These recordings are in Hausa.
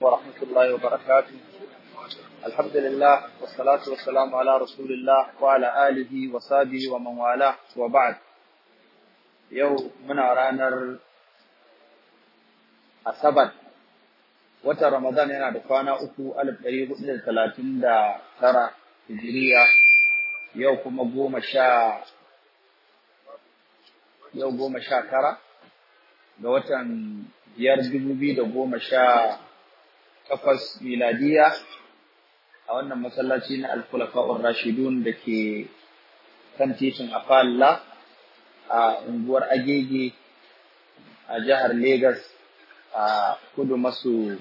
ورحمة الله وبركاته الحمد لله والصلاة والسلام على رسول الله وعلى آله وصحبه ومن والاه وبعد يوم من رانر أسبت watan Ramadan yana da kwana uku alif ɗari hudu da talatin da tara hijiriya yau kuma goma sha yau goma sha tara ga watan biyar dubu biyu da goma sha takwas miladiya a wannan masallaci na Al-Khulafa'ur Rashidun da ke kan titin a Afalla a unguwar Agege a jihar Legas a kudu masu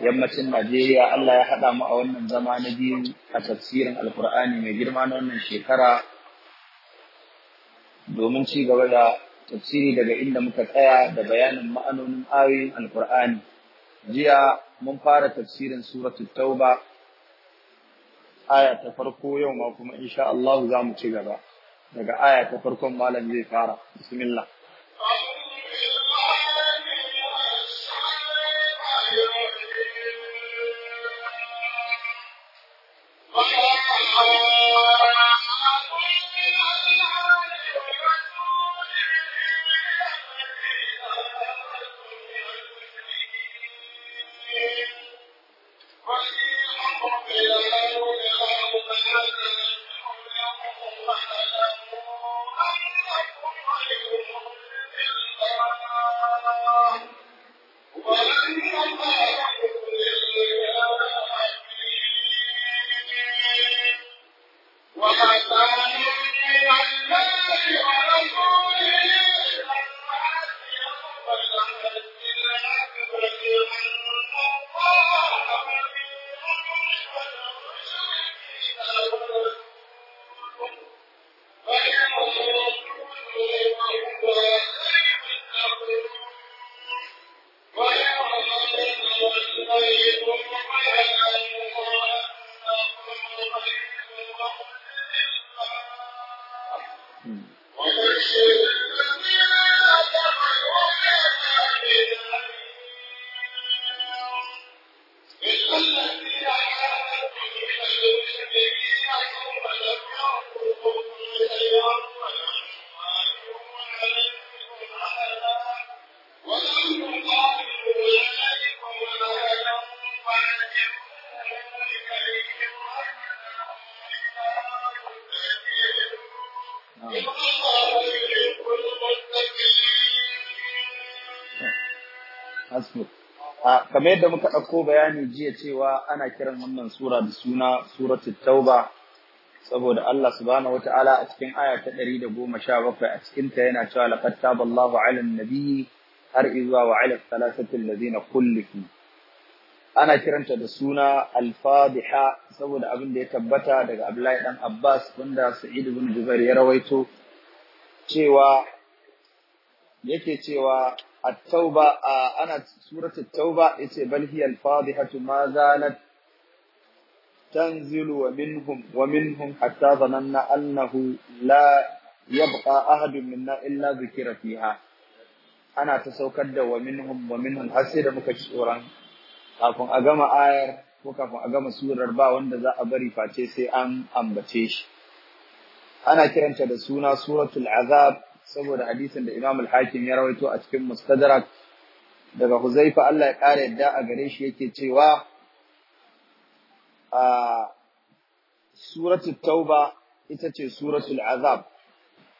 yammacin Najeriya Allah ya haɗa mu a wannan zama na biyu a tafsirin Alkur'ani mai girma na wannan shekara domin ci gaba da tafsiri daga inda muka tsaya da bayanin ma'anonin ayoyin Alkur'ani. jiya mun fara tafsirin suratul tauba aya ta farko yau ma kuma insha Allah za mu ci gaba daga aya ta farkon malam zai fara bismillah kamar yadda muka ɗauko bayani jiya cewa ana kiran wannan sura da suna suratul tauba saboda Allah subhanahu wataala a cikin aya ta bakwai a cikin ta yana cewa laqad taballahu 'alan nabiyyi har izuwa wa 'ala thalathati alladhina kullifu ana kiranta da suna al-fadiha saboda abin da ya tabbata daga Abdullahi dan Abbas wanda Sa'id ibn Jubair ya rawaito cewa yake cewa التوبة آه أنا سورة التوبة إتي بل هي الفاضحة ما زالت تنزل ومنهم ومنهم حتى ظننا أنه لا يبقى أحد منا إلا ذكر فيها أنا تسوكد ومنهم ومنهم حسير مكشورا kafin a gama ayar ko kafin a gama surar ba wanda za a bari face sai an ambace shi ana kiranta da suna suratul azab saboda hadisin da Imam al-Hakim ya rawaito a cikin Mustadrak daga Huzaifa Allah ya ƙara yadda a gare shi yake cewa a suratul Tauba ita ce suratul Azab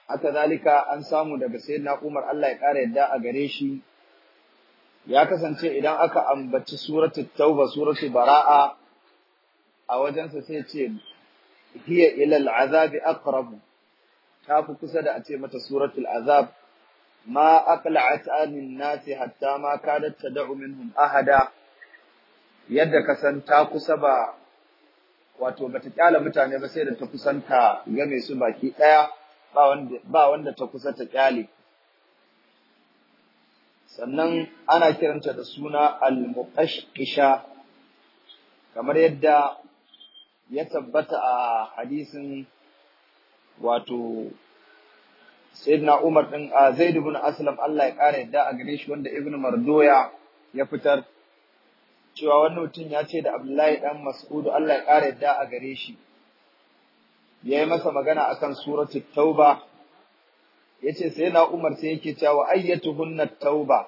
haka zalika an samu daga sayyidina Umar Allah ya ƙara yadda a gare shi ya kasance idan aka ambaci suratul Tauba suratul Bara'a a wajensa sai ce hiya ila al-azabi aqrabu Tafi kusa da a ce mata suratul azab ma aqla'at anin nasi hatta ma kadat tad'u minhum ahada yadda ka san ta kusa ba wato bata kyala mutane ba sai da ta kusanta game su baki daya ba wanda ba wanda ta kusa ta kyale sannan ana kiranta da suna al-muqashqisha kamar yadda ya tabbata a hadisin wato sayyidina Umar din Zaid ibn Aslam Allah ya kare yadda a gare shi wanda Ibn Mardoya ya fitar cewa wani mutum ya ce da Abdullahi dan Mas'ud Allah ya kare yadda a gare shi ya yi masa magana akan suratu Tauba yace sayyidina Umar sai yake cewa ayyatuhunna Tauba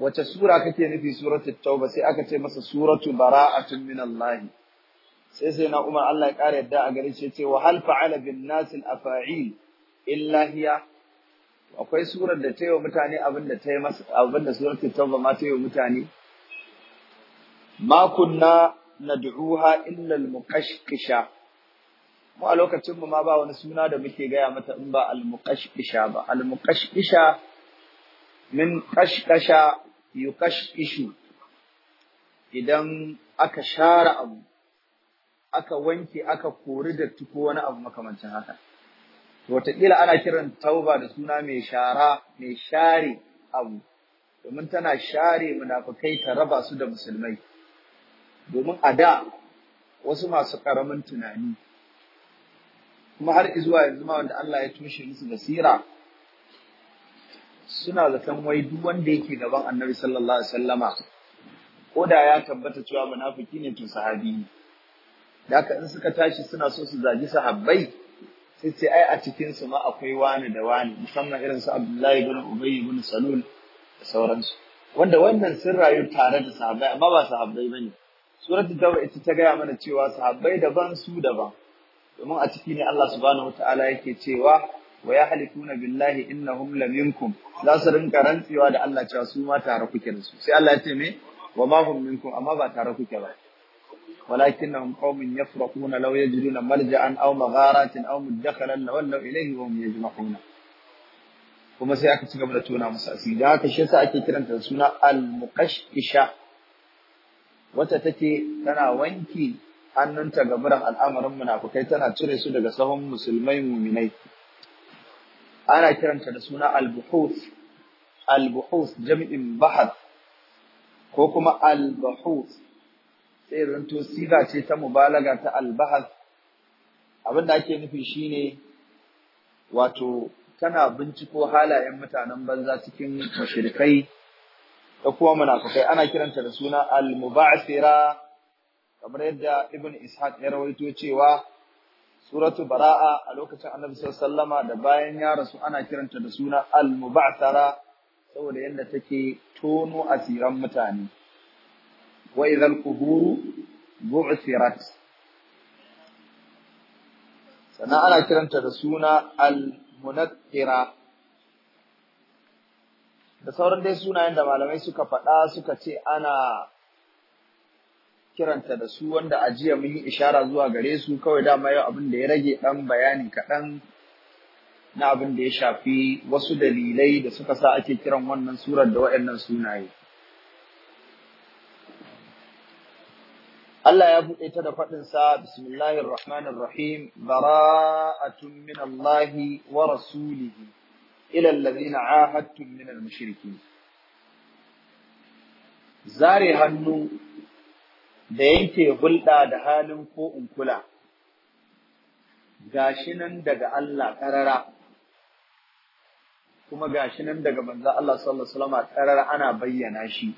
wace sura kake nufi suratul Tauba sai aka ce masa suratu bara'atun minallahi sai sai na Umar Allah ya ƙara yadda a gare shi ce wa hal fa'ala bin nas al afa'il illa hiya akwai surar da ta yi wa mutane abin da ta masa surar ma ta yi wa mutane ma kunna nad'uha illa al muqashqisha mu a lokacin mu ma ba wani suna da muke gaya mata in ba al muqashqisha ba al muqashqisha min qashqasha yuqashqishu idan aka share abu aka wanke aka kori datti ko wani abu makamancin haka wataƙila ana kiran tauba da suna mai shara mai share abu domin tana share munafukai ta raba su da musulmai domin a da wasu masu ƙaramin tunani kuma har izuwa yanzu ma wanda Allah ya tushe musu basira suna zaton wai duk wanda yake gaban Annabi sallallahu alaihi wasallama ko da ya tabbata cewa munafiki ne to sahabi ne da aka in suka tashi suna so su zagi sahabbai sai ce ai a cikin su ma akwai wani da wani musamman irin su Abdullahi ibn Ubay ibn Salul da sauransu wanda wannan sun rayu tare da sahabbai amma ba sahabbai bane suratul tauba ita ta gaya mana cewa sahabbai daban su daban domin a ciki ne Allah subhanahu wataala yake cewa wa yahlifuna billahi innahum laminkum za su rinka rantsewa da Allah cewa su ma tare kuke da su sai Allah ya ce me wa ma hum minkum amma ba tare kuke ba ولكنهم قوم يفرقون لو يجدون ملجأ أو مغارات أو مدخلا لولوا إليه وهم يجمعون kuma sai aka ci gaba da tona musu asiri da haka shi yasa ake kiranta da suna al-muqashqisha wata take tana wanki hannunta ga buran al'amarin munafukai tana cire su daga sahun musulmai muminai ana kiranta da suna al Buhus, al jami'in bahath ko kuma al Buhus. sai ranto siga ce ta mubalaga ta albahas abin da ake nufi shine wato tana binciko halayen mutanen banza cikin mushrikai da kuma munafikai ana kiranta da suna al-muba'sira kamar yadda ibn ishaq ya rawaito cewa suratu bara'a a lokacin annabi sallama da bayan ya rasu ana kiranta da suna al-muba'sara saboda yadda take tono asiran mutane وإذا القبور بعثرت سنة على ana kiranta da suna al-munakkira da sauran dai sunayen da malamai suka faɗa suka ce ana kiranta da su wanda a jiya mun yi ishara zuwa gare su kawai dama yau abin da ya rage ɗan bayani kaɗan na abin da ya shafi wasu dalilai da suka sa ake kiran wannan surar da waɗannan sunaye. Allah ya buɗe ta da faɗinsa bismillahir rahmanir rahim bara'atun min Allah wa rasulihi ila allazina ahadtum min al-mushrikin zare hannu da yanke hulɗa da halin ko in kula gashi nan daga Allah ƙarara kuma gashi nan daga manzo Allah sallallahu alaihi wasallam ƙarara ana bayyana shi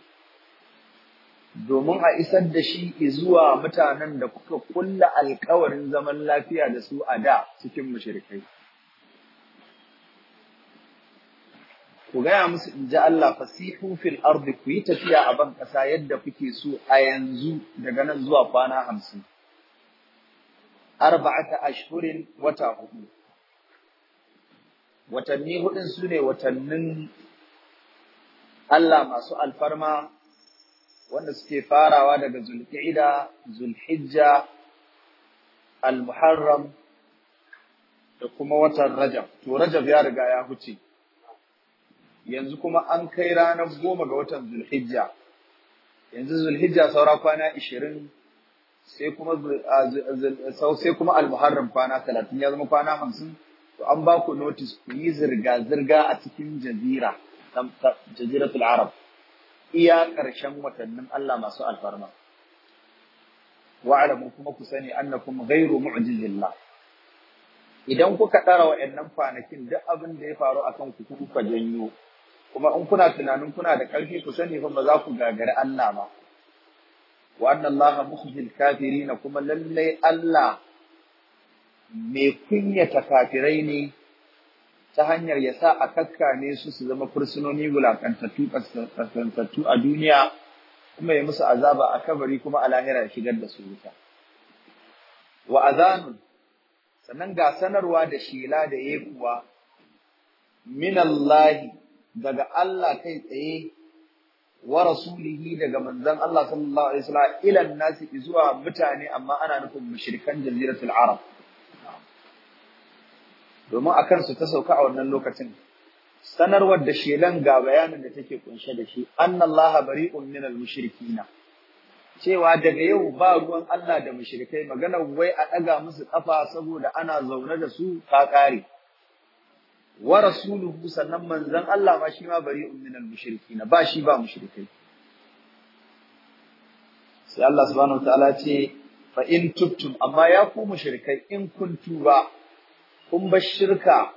domin a isar da shi izuwa mutanen da kuka kulla alkawarin zaman lafiya da su a da cikin mashirkai. ku gaya musu in ji Allah fasihu fil ardi ku yi tafiya a ban ƙasa yadda kuke so a yanzu daga nan zuwa kwana hamsin arba'ata ashhurin wata hudu watanni hudun su ne watannin Allah masu alfarma wanda suke farawa daga zulqa'ida zulhijja al-muharram da kuma watan rajab to rajab ya riga ya huce yanzu kuma an kai ranar goma ga watan zulhijja yanzu zulhijja saura kwana ishirin sai kuma sai kuma almuharram kwana talatin ya zama kwana hamsin to an ba ku notice ku yi zirga-zirga a cikin jazira jaziratul arab iya ƙarshen watannin Allah masu alfarma wa'lamu kuma ku sani annakum ghairu mu'jizillah idan kuka ɗara wa'annan kwanakin duk abin da ya faru akan ku kuka janyo kuma in kuna tunanin kuna da ƙarfi ku sani fa ba za ku gagari Allah ba wa anna Allah mukhzil kafirin kuma lallai Allah mai kunyata kafirai ne ta hanyar ya sa a kakkame su su zama fursunoni wulakantattu kaskantattu a duniya kuma ya musu azaba a kabari kuma a lahira ya shigar da su wuta wa azanun sannan ga sanarwa da shela da yekuwa minallahi daga Allah kai tsaye wa rasulihi daga manzon Allah sallallahu alaihi wasallam ila nasi zuwa mutane amma ana nufin mushrikan jaziratul arab domin a kansu ta sauka a wannan lokacin sanarwar da shelan ga bayanin da take kunshe da shi annallaha bari'un minal mushrikina cewa daga yau ba ruwan Allah da mushrikai magana wai a ɗaga musu ƙafa saboda ana zaune da su ta ƙare. Wa rasuluhu sannan manzon Allah ma shi ma bari minal mushrikina, ba shi ba mushrikai. Sai Allah subhanahu wa ta'ala ce fa in tubtum amma ya ku mushrikai in kuntu ba. kun bar shirka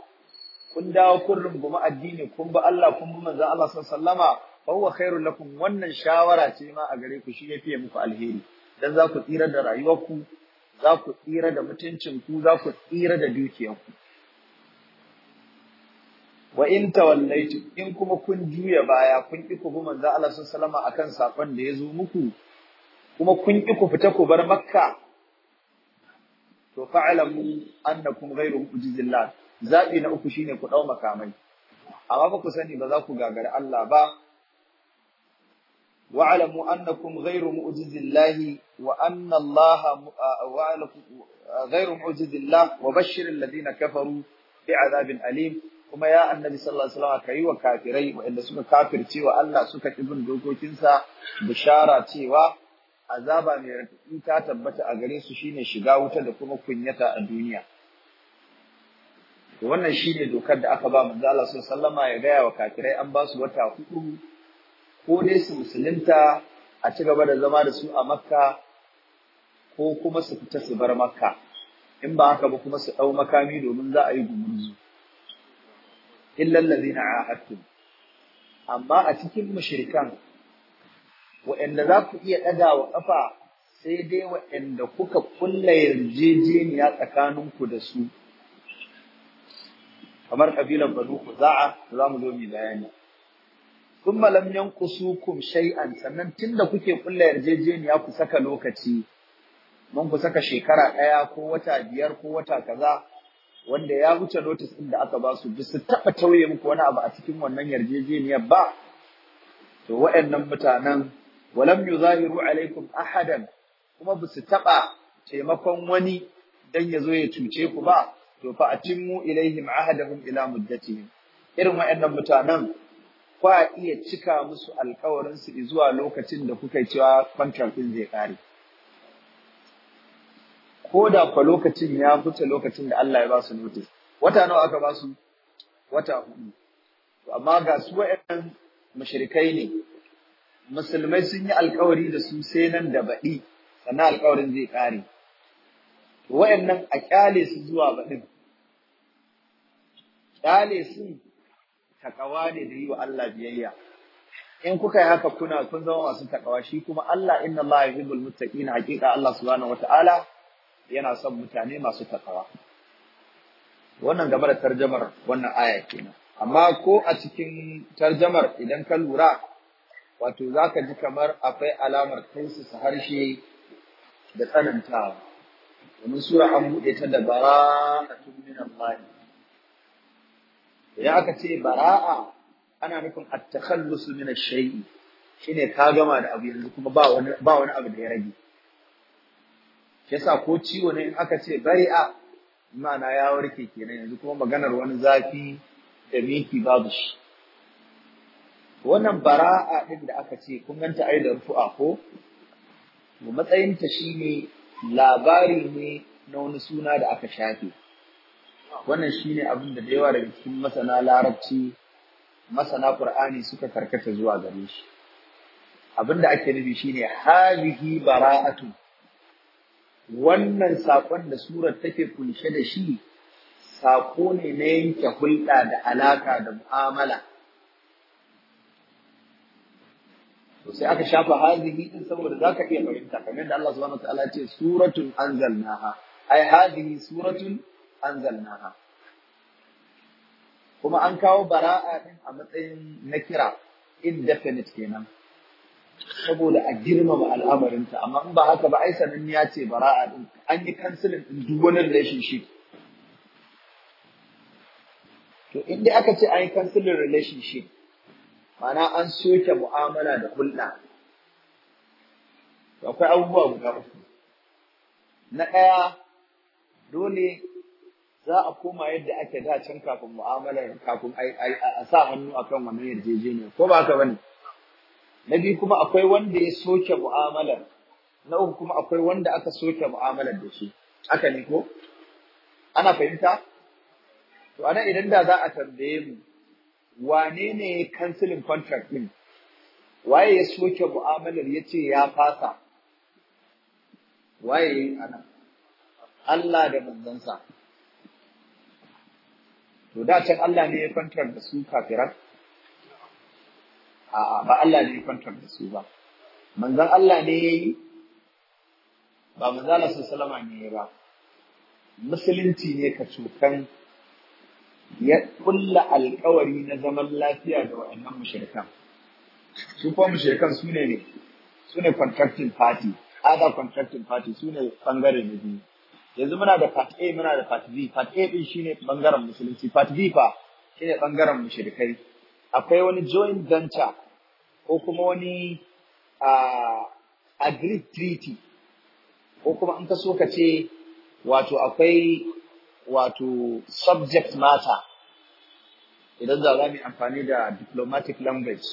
kun dawo kun rungumi addini kun ba Allah kun bar manzon Allah sallallahu fa huwa khairul lakum wannan shawara ce ma a gare ku shi ya fiye muku alheri dan za ku tsira da rayuwarku za ku tsira da mutuncinku za ku tsira da dukiyarku wa in tawallaitu in kuma kun juya baya kun ki ku bi manzon Allah sallallahu alaihi wasallam akan sakon da ya zo muku kuma kun ki ku fita ku bar makka to fa'alamu annakum ghayru mu'jizillah zabi na uku shine ku dau makamai amma ba ku sani ba za ku gagari Allah ba wa'alamu annakum ghayru mu'jizillah wa anna Allah uh, wa'alakum uh, ghayru mu'jizillah wa bashshir alladhina kafaru bi'adabin alim kuma ya annabi sallallahu alaihi wasallam kai wa kafirai wa'anda suka kafirce wa Allah suka kibin dokokinsa bishara cewa azaba mai raɗaɗi ta tabbata a gare su shine shiga wuta da kuma kunyata a duniya to wannan shine dokar da aka ba manzo Allah sallama ya gaya wa kafirai an ba su wata hudu ko dai su musulunta a ci gaba da zama da su a makka ko kuma su fita su bar makka in ba haka ba kuma su dau makami domin za a yi gumurzu illal ladina ahadtum amma a cikin mushrikan waɗanda za ku iya ɗaga wa ƙafa sai dai waɗanda kuka kulla yarjejeniya tsakaninku da su kamar ƙabilar banu za'a za mu zo mu bayani kun malam yankusukum shay'an sannan tunda kuke kulla yarjejeniya ku saka lokaci mun ku saka shekara ɗaya ko wata biyar ko wata kaza wanda ya wuce notis ɗin da aka ba su duk su taɓa tauye muku wani abu a cikin wannan yarjejeniyar ba to waɗannan mutanen walam yuzahiru alaikum ahadan kuma ba su taɓa taimakon wani dan ya zo ya cuce ku ba to fa atimmu ilaihim ahadahum ila muddatihim irin wa'annan mutanen kwa iya cika musu alƙawarin su zuwa lokacin da kuka cewa kwantar din zai kare ko da fa lokacin ya fita lokacin da Allah ya ba su notice wata nawa aka ba su wata hudu amma ga su wa'annan mushrikai ne musulmai sun yi alkawari da su sai nan da baɗi sannan alkawarin zai ƙare wa'annan a ƙyale su zuwa baɗin ƙyale su taƙawa ne da yi wa Allah biyayya in kuka yi haka kuna kun zama masu taƙawa? shi kuma Allah inna Allah yuhibbul na haƙiƙa Allah subhanahu wata'ala yana son mutane masu takawa wannan game da tarjamar wannan aya kenan amma ko a cikin tarjamar idan ka lura wato za ka ji kamar akwai alamar tausasa harshe da tsanantawa domin sura an buɗe ta da tun min mali idan aka ce bara'a ana nufin at-takhallus min ash-shay'i shine ka gama da abu yanzu kuma ba wani abu da ya rage yasa ko ciwo ne in aka ce bari'a ma'ana ya warke kenan yanzu kuma maganar wani zafi da miki babu shi wannan bara'a din da aka ce kun ganta ai da rufu'a ko matsayin ta shine labari ne na wani suna da aka shafe wannan shine abin da da yawa daga cikin masana larabci masana qur'ani suka karkata zuwa gare shi abin da ake nufi shine hazihi bara'atu wannan sakon da surar take kunshe da shi sako ne na yanke hulɗa da alaka da mu'amala to sai aka shafa hadhihi din saboda zaka iya fahimta kamar yadda Allah subhanahu wataala ya ce suratun anzalnaha ai hadhihi suratun anzalnaha kuma an kawo bara'a din a matsayin nakira indefinite kenan saboda a girmama al'amarinta amma in ba haka ba ai sanin ya ce bara'a din an yi kansilin din duk wani relationship to in dai aka ce an yi kansilin relationship ma'ana an soke mu'amala da hulɗa akwai abubuwa guda uku na ɗaya dole za a koma yadda ake da can kafin mu'amalar kafin a sa hannu akan wannan yarjejeniya ko ba haka ne? na biyu kuma akwai wanda ya soke mu'amalar na uku kuma akwai wanda aka soke mu'amalar da shi aka ne ko ana fahimta to ana idan da za a tambaye mu wane ne cancelin contract din waye ya soke mu'amalar ya ce ya fasa waye ana anan Allah da manzansa to da can Allah ne ya contract da su kafiran a'a ba Allah ne ya contract da su ba manzan Allah ne ya yi ba manzala su salama ne ya ba musulunci ne ka cutan ya kulla alkawari na zaman lafiya da wa'annan mushrikan su kuma mushrikan su ne ne su ne contracting party other contracting party su ne bangare na biyu yanzu muna da part A muna da part B part A din shine bangaren musulunci part B fa shine bangaren mushrikai akwai wani joint venture ko kuma wani agreed treaty ko kuma in ka so ka ce wato akwai wato subject matter idan za za mu amfani da diplomatic language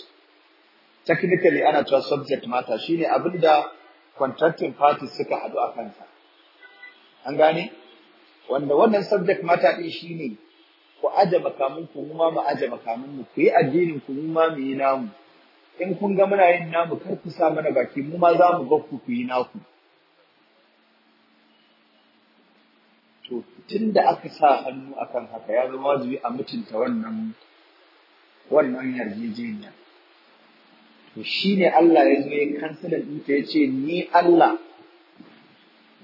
technically ana cewa subject matter shine abin da contracting parties suka hadu a kansa an gane wanda wannan subject matter din shine ku aje makamun ku kuma mu aje makamun mu ku yi addinin ku kuma mu yi namu in kun ga muna yin namu kar ku sa mana baki mu ma za mu ga ku ku yi naku to tun da aka sa hannu akan haka ya zama wajibi a mutunta wannan wannan yarjejeniya to shi ne Allah ya zo ya kansala ɗinta ya ce ni Allah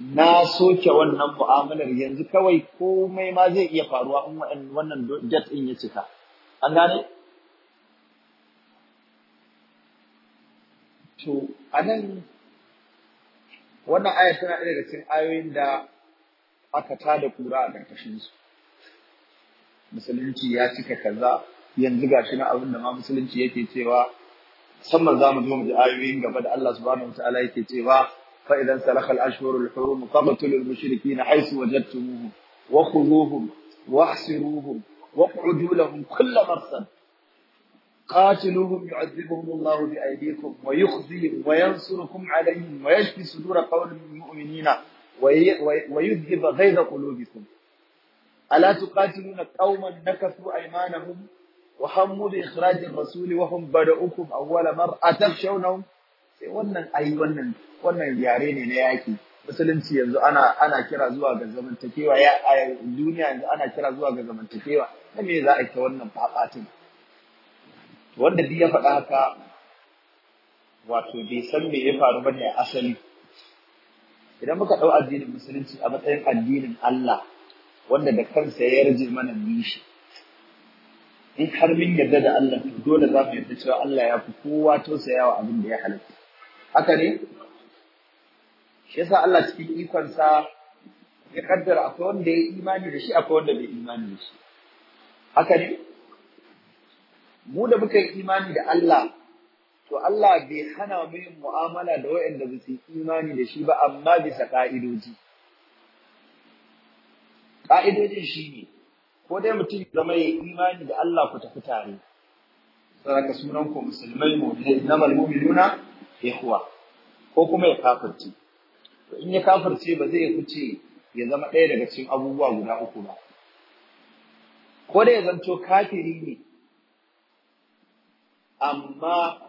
na soke wannan mu'amalar yanzu kawai komai ma zai iya faruwa in wannan jet ɗin ya cika an gane to anan wannan aya tana ɗaya daga cikin ayoyin da aka tada kura a karkashin su musulunci ya cika kaza yanzu gashi na abin da ma musulunci yake cewa musamman zamu zo mu ji ayoyin gaba da Allah subhanahu wataala yake cewa fa idan salakha al-ashhur al-hurum faqtulu al haythu wajadtumuhum wa khudhuhum wa ahsiruhum wa qudu lahum kull marsad قاتلوهم يعذبهم الله بأيديكم ويخزيهم وينصركم عليهم ويشفي صدور قوم المؤمنين ويذهب غيظ قلوبكم الا تقاتلون قوما نكثوا ايمانهم وهموا باخراج الرسول وهم بدؤكم اول مر اتخشونهم sai wannan ayi wannan wannan yare ne na yaki musulunci yanzu ana ana kira zuwa ga zamantakewa ya a duniya yanzu ana kira zuwa ga zamantakewa ta me za a yi wannan fafatin wanda duk ya faɗa haka wato bai san me ya faru bane asali idan muka ɗau addinin musulunci a matsayin addinin Allah wanda da kansa ya yarje mana mishi in har min yarda da Allah to dole za mu yarda cewa Allah ya fi kowa tausayawa abin da ya halatta haka ne shi yasa Allah cikin ikonsa ya kaddara akwai wanda ya imani da shi akwai wanda bai imani da shi haka ne mu da muka yi imani da Allah to Allah bai hana mu yin mu'amala da waɗanda ba su imani da shi ba amma bisa ƙa'idoji. Ƙa'idojin shi ne, ko dai mutum ya zama ya imani da Allah ku tafi tare, saraka sunan ku musulmai mu na nuna ya kuwa, ko kuma ya kafirce. To in ya kafirce ba zai fice ya zama ɗaya daga cikin abubuwa guda uku ba. Ko dai ya zanto kafiri ne, amma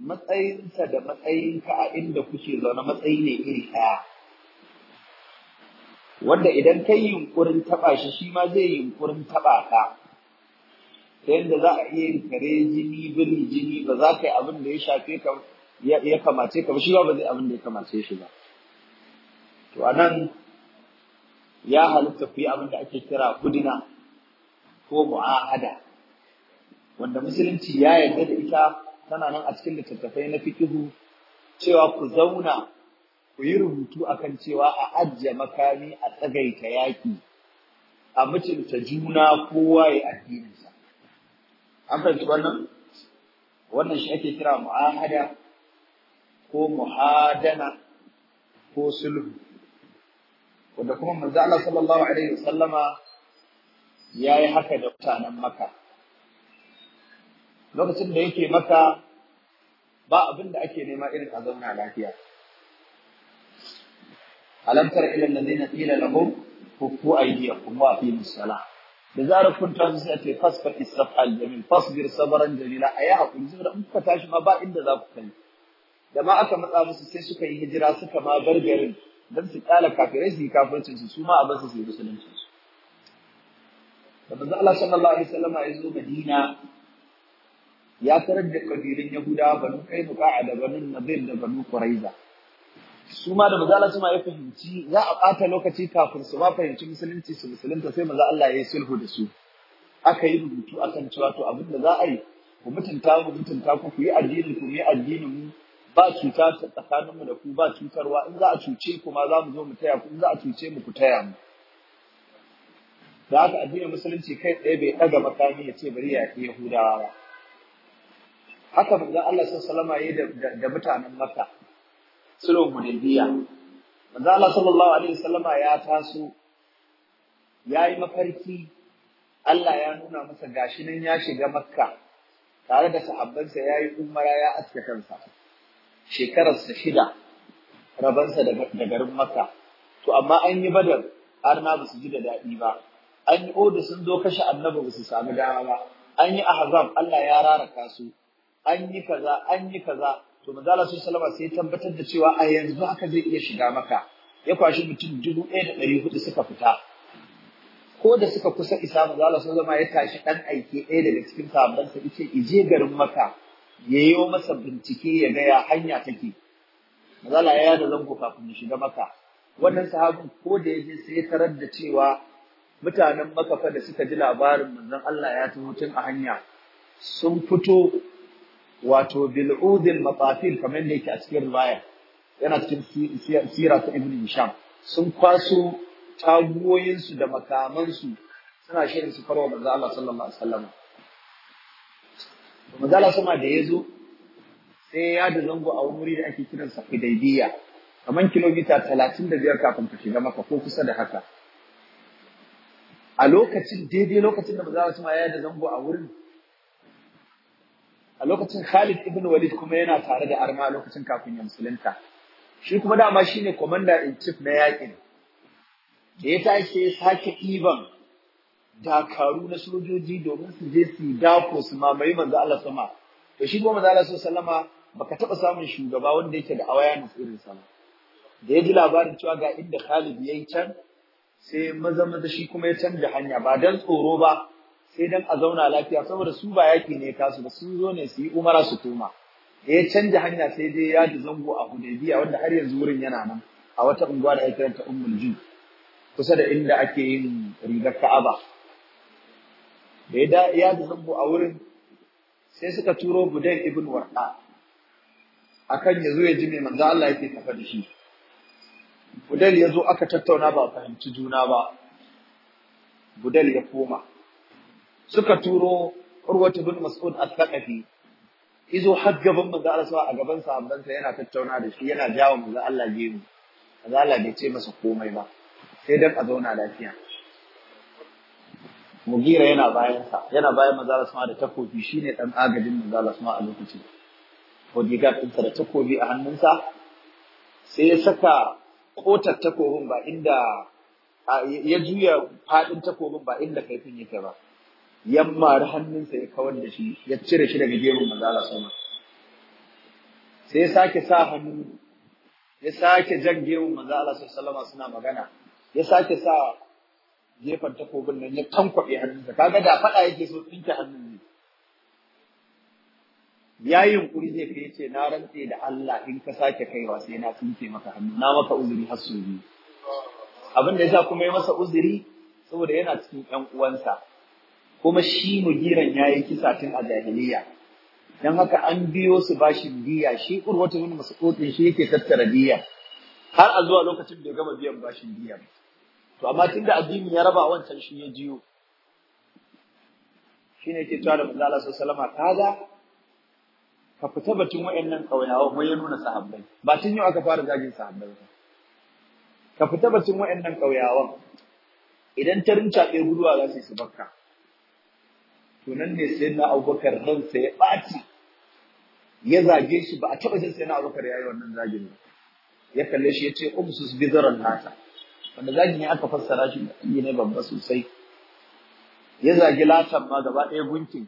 matsayinsa da matsayinka a inda kuke zaune matsayi ne iri ɗaya wanda idan kai yunkurin taɓa shi shi ma zai yunkurin taɓa ka ta yadda za a iya yin kare jini biri jini ba za ka yi abin da ya shafe ka ya kamace ka ba shi ba ba zai abin da ya kamace shi ba to a nan ya halitta ku yi abin da ake kira kudina ko mu'ahada wanda musulunci ya yarda da ita tana nan a cikin littattafai na fikihu cewa ku zauna ku yi rubutu akan cewa a ajiye makami a tsagaita yaƙi a mutunta juna kowa ya addininsa an fahimci wannan wannan shi ake kira mu'ahada ko muhadana ko sulhu wanda kuma manzo Allah sallallahu alaihi wasallama yayi haka da mutanen maka. lokacin da yake maka ba abin da ake nema irin a zauna lafiya alam tara ila alladhina qila lahum kuffu aydiyakum wa fi musala. da zarar kun tashi sai ce Fasfar isafha aljamil fasbir sabran jamila ayi hakuri saboda in kuka tashi ma ba inda za ku kai da ma aka matsa musu sai suka yi hijira suka ma bar garin dan su kala kafirai su yi kafircin su su ma a basu su yi musulunci su da manzo Allah sallallahu alaihi wasallam ya zo Madina ya tarar da kabilin Yahudawa banu ka da banu Nadir da banu Quraiza su ma da su ma ya fahimci za a ɓata lokaci kafin su ba fahimci musulunci su musulunta sai maza Allah ya yi sulhu da su aka yi rubutu akan cewa to abin da za a yi ku mutunta ku mutunta ku ku yi addinin ku yi addinin mu ba cuta mu da ku ba cutarwa in za a cuce ku ma za mu zo mu taya ku in za a cuce mu ku taya mu da haka addinin musulunci kai tsaye bai ɗaga makami ya ce bari ya yahudawa ba haka manzon Allah sallallahu alaihi wasallam da mutanen Makka sulhul hudaybiya manzon Allah sallallahu alaihi wasallam ya taso yayi mafarki Allah ya nuna masa gashi nan ya shiga Makka tare da sahabbansa yayi umara ya aske kansa shekarar sa shida rabansa da garin Makka to amma an yi badar har na basu ji da daɗi ba an yi oda sun zo kashe annabi basu sami dama ba an yi ahzab Allah ya raraka su an yi kaza an yi kaza to manzo Allah salama sai tabbatar da cewa a yanzu haka zai iya shiga maka ya kwashi mutum dubu ɗaya da ɗari 1400 suka fita ko da suka kusa isa manzo Allah sallallahu ya tashi ɗan aiki ɗaya daga cikin sahabban sa yace ije garin maka yayo masa bincike ya ga ya hanya take manzo ya yada zango kafin ya shiga maka wannan sahabin ko da yaje sai ya tarar da cewa mutanen makafa da suka ji labarin manzon Allah ya tuhutun hutun a hanya sun fito wato bil'udin matafil kamar da yake a cikin riwaya yana cikin sira ta ibn hisham sun kwaso taguwoyinsu da makamansu suna shirin su farwa manzo Allah sallallahu alaihi wasallam manzo Allah sama da yazo sai ya da zango a wuri da ake kiran sa Hudaybiya kamar kilomita 35 kafin ta shiga maka ko kusa da haka a lokacin daidai lokacin da manzo Allah sama ya da zango a wurin a lokacin Khalid ibn Walid kuma yana tare da arma lokacin kafin ya musulunta shi kuma dama shine commander in chief na yakin da ya tashi ya sake da dakaru na sojoji domin su je su dako su mamaye manzo Allah sama to shi kuma manzo Allah sallama baka taba samun shugaba wanda yake da awaya na irin sa da ya ji labarin cewa ga inda Khalid yayi can sai maza maza shi kuma ya canja hanya ba dan tsoro ba sai dan a zauna lafiya saboda su ba yaki ne kasu ba sun zo ne su yi umara su koma da ya canja hanya sai dai ya ji zango a Hudaybiya wanda har yanzu wurin yana nan a wata unguwa da ake ranta Ummul Jin kusa da inda ake yin rigar Ka'aba da ya ya ji zango a wurin sai suka turo Budayl ibn Warqa akan yazo ya ji mai manzo Allah yake tafa da shi Budayl yazo aka tattauna ba fahimci juna ba Budayl ya koma suka turo Urwatu bin Mas'ud al-Thaqafi izo har gaban manzo Allah a gaban sa-haɓan sahabbansa yana tattauna da shi yana jawo manzo Allah gemu manzo Allah bai ce masa komai ba sai dan a zauna lafiya Mugira yana bayan sa yana bayan manzo Allah sa da takobi shine dan agajin manzo Allah sa a lokacin bodyguard ɗinsa da takobi a hannunsa sai ya saka kotar takobin ba inda ya juya haɗin takobin ba inda kaifin yake ba da hannunsa ya kawar da shi ya cire shi daga gemun manzala sama sai ya sake sa hannu ya sake jan gemun manzala sallama suna magana ya sake sa gefen takobin nan ya tankwabe hannunsa kaga da faɗa yake so tsinke hannun ne ya yi yunkuri zai kai ce na rantse da Allah in ka sake kaiwa sai na tsinke maka hannu na maka uzuri har sau biyu abin da ya sa kuma ya masa uzuri saboda yana cikin ƴan uwansa kuma shi mugiran ya yi kisa tun a jahiliya don haka an biyo su bashin diya shi urwatu bin mas'ud shi yake tattara diya har a zuwa lokacin da ya gama biyan bashin diya to amma tunda addini ya raba wancan shi ya jiyo shi ne ke da manzo Allah sallallahu alaihi wasallam ka fita batun wayannan kauyawa wai ya nuna sahabbai ba tun yau aka fara zagin sahabbai ba ka fita batun wayannan kauyawan idan ta rinca ɗaya guduwa za su yi su bakka to nan ne sai na abubakar sai ya ɓaci ya zage shi ba a taɓa jin sai na abubakar ya yi wannan zagin ba ya kalle shi ya ce umsus bizaran nata wanda zagin ne aka fassara shi yi ne babba sosai ya zagi latan ma gaba ɗaya gunkin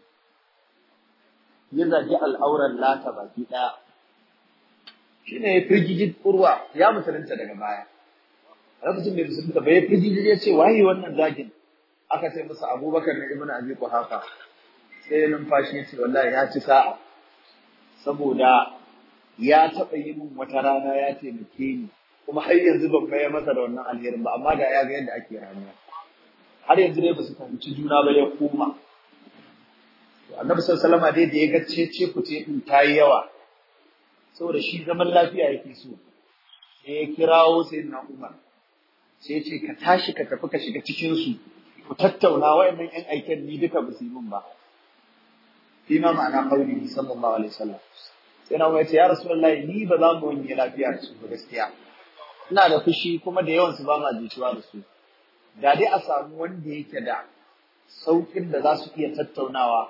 ya zagi al'auran lata baki ɗaya shi ne ya firgiji kurwa ya musulunta daga baya lokacin da musulunta ba ya firgiji ya ce waye wannan zagin aka ce masa abubakar na ibn abi haka. sai numfashi ya ce wallahi ya ci sa'a saboda ya taɓa yi mun wata rana ya taimake ni kuma har yanzu ban bayar masa da wannan alherin ba amma da ya ga yadda ake rayuwa har yanzu dai ba su fahimci juna ba ya koma annabi sallallahu alaihi dai da ya ga cece ku ce din tayi yawa saboda shi zaman lafiya yake so sai ya kirawo sai na Umar sai ya ce ka tashi ka tafi ka shiga cikin su ku tattauna wayannan ƴan aikin ni duka ba su yi min ba shi ma'ana qaulihi sallallahu alaihi wasallam sai na mai ce ya rasulullahi ni ba za mu wani lafiya su ba gaskiya ina da fushi kuma da yawan su ba ma jituwa da su da dai a samu wanda yake da saukin da za su iya tattaunawa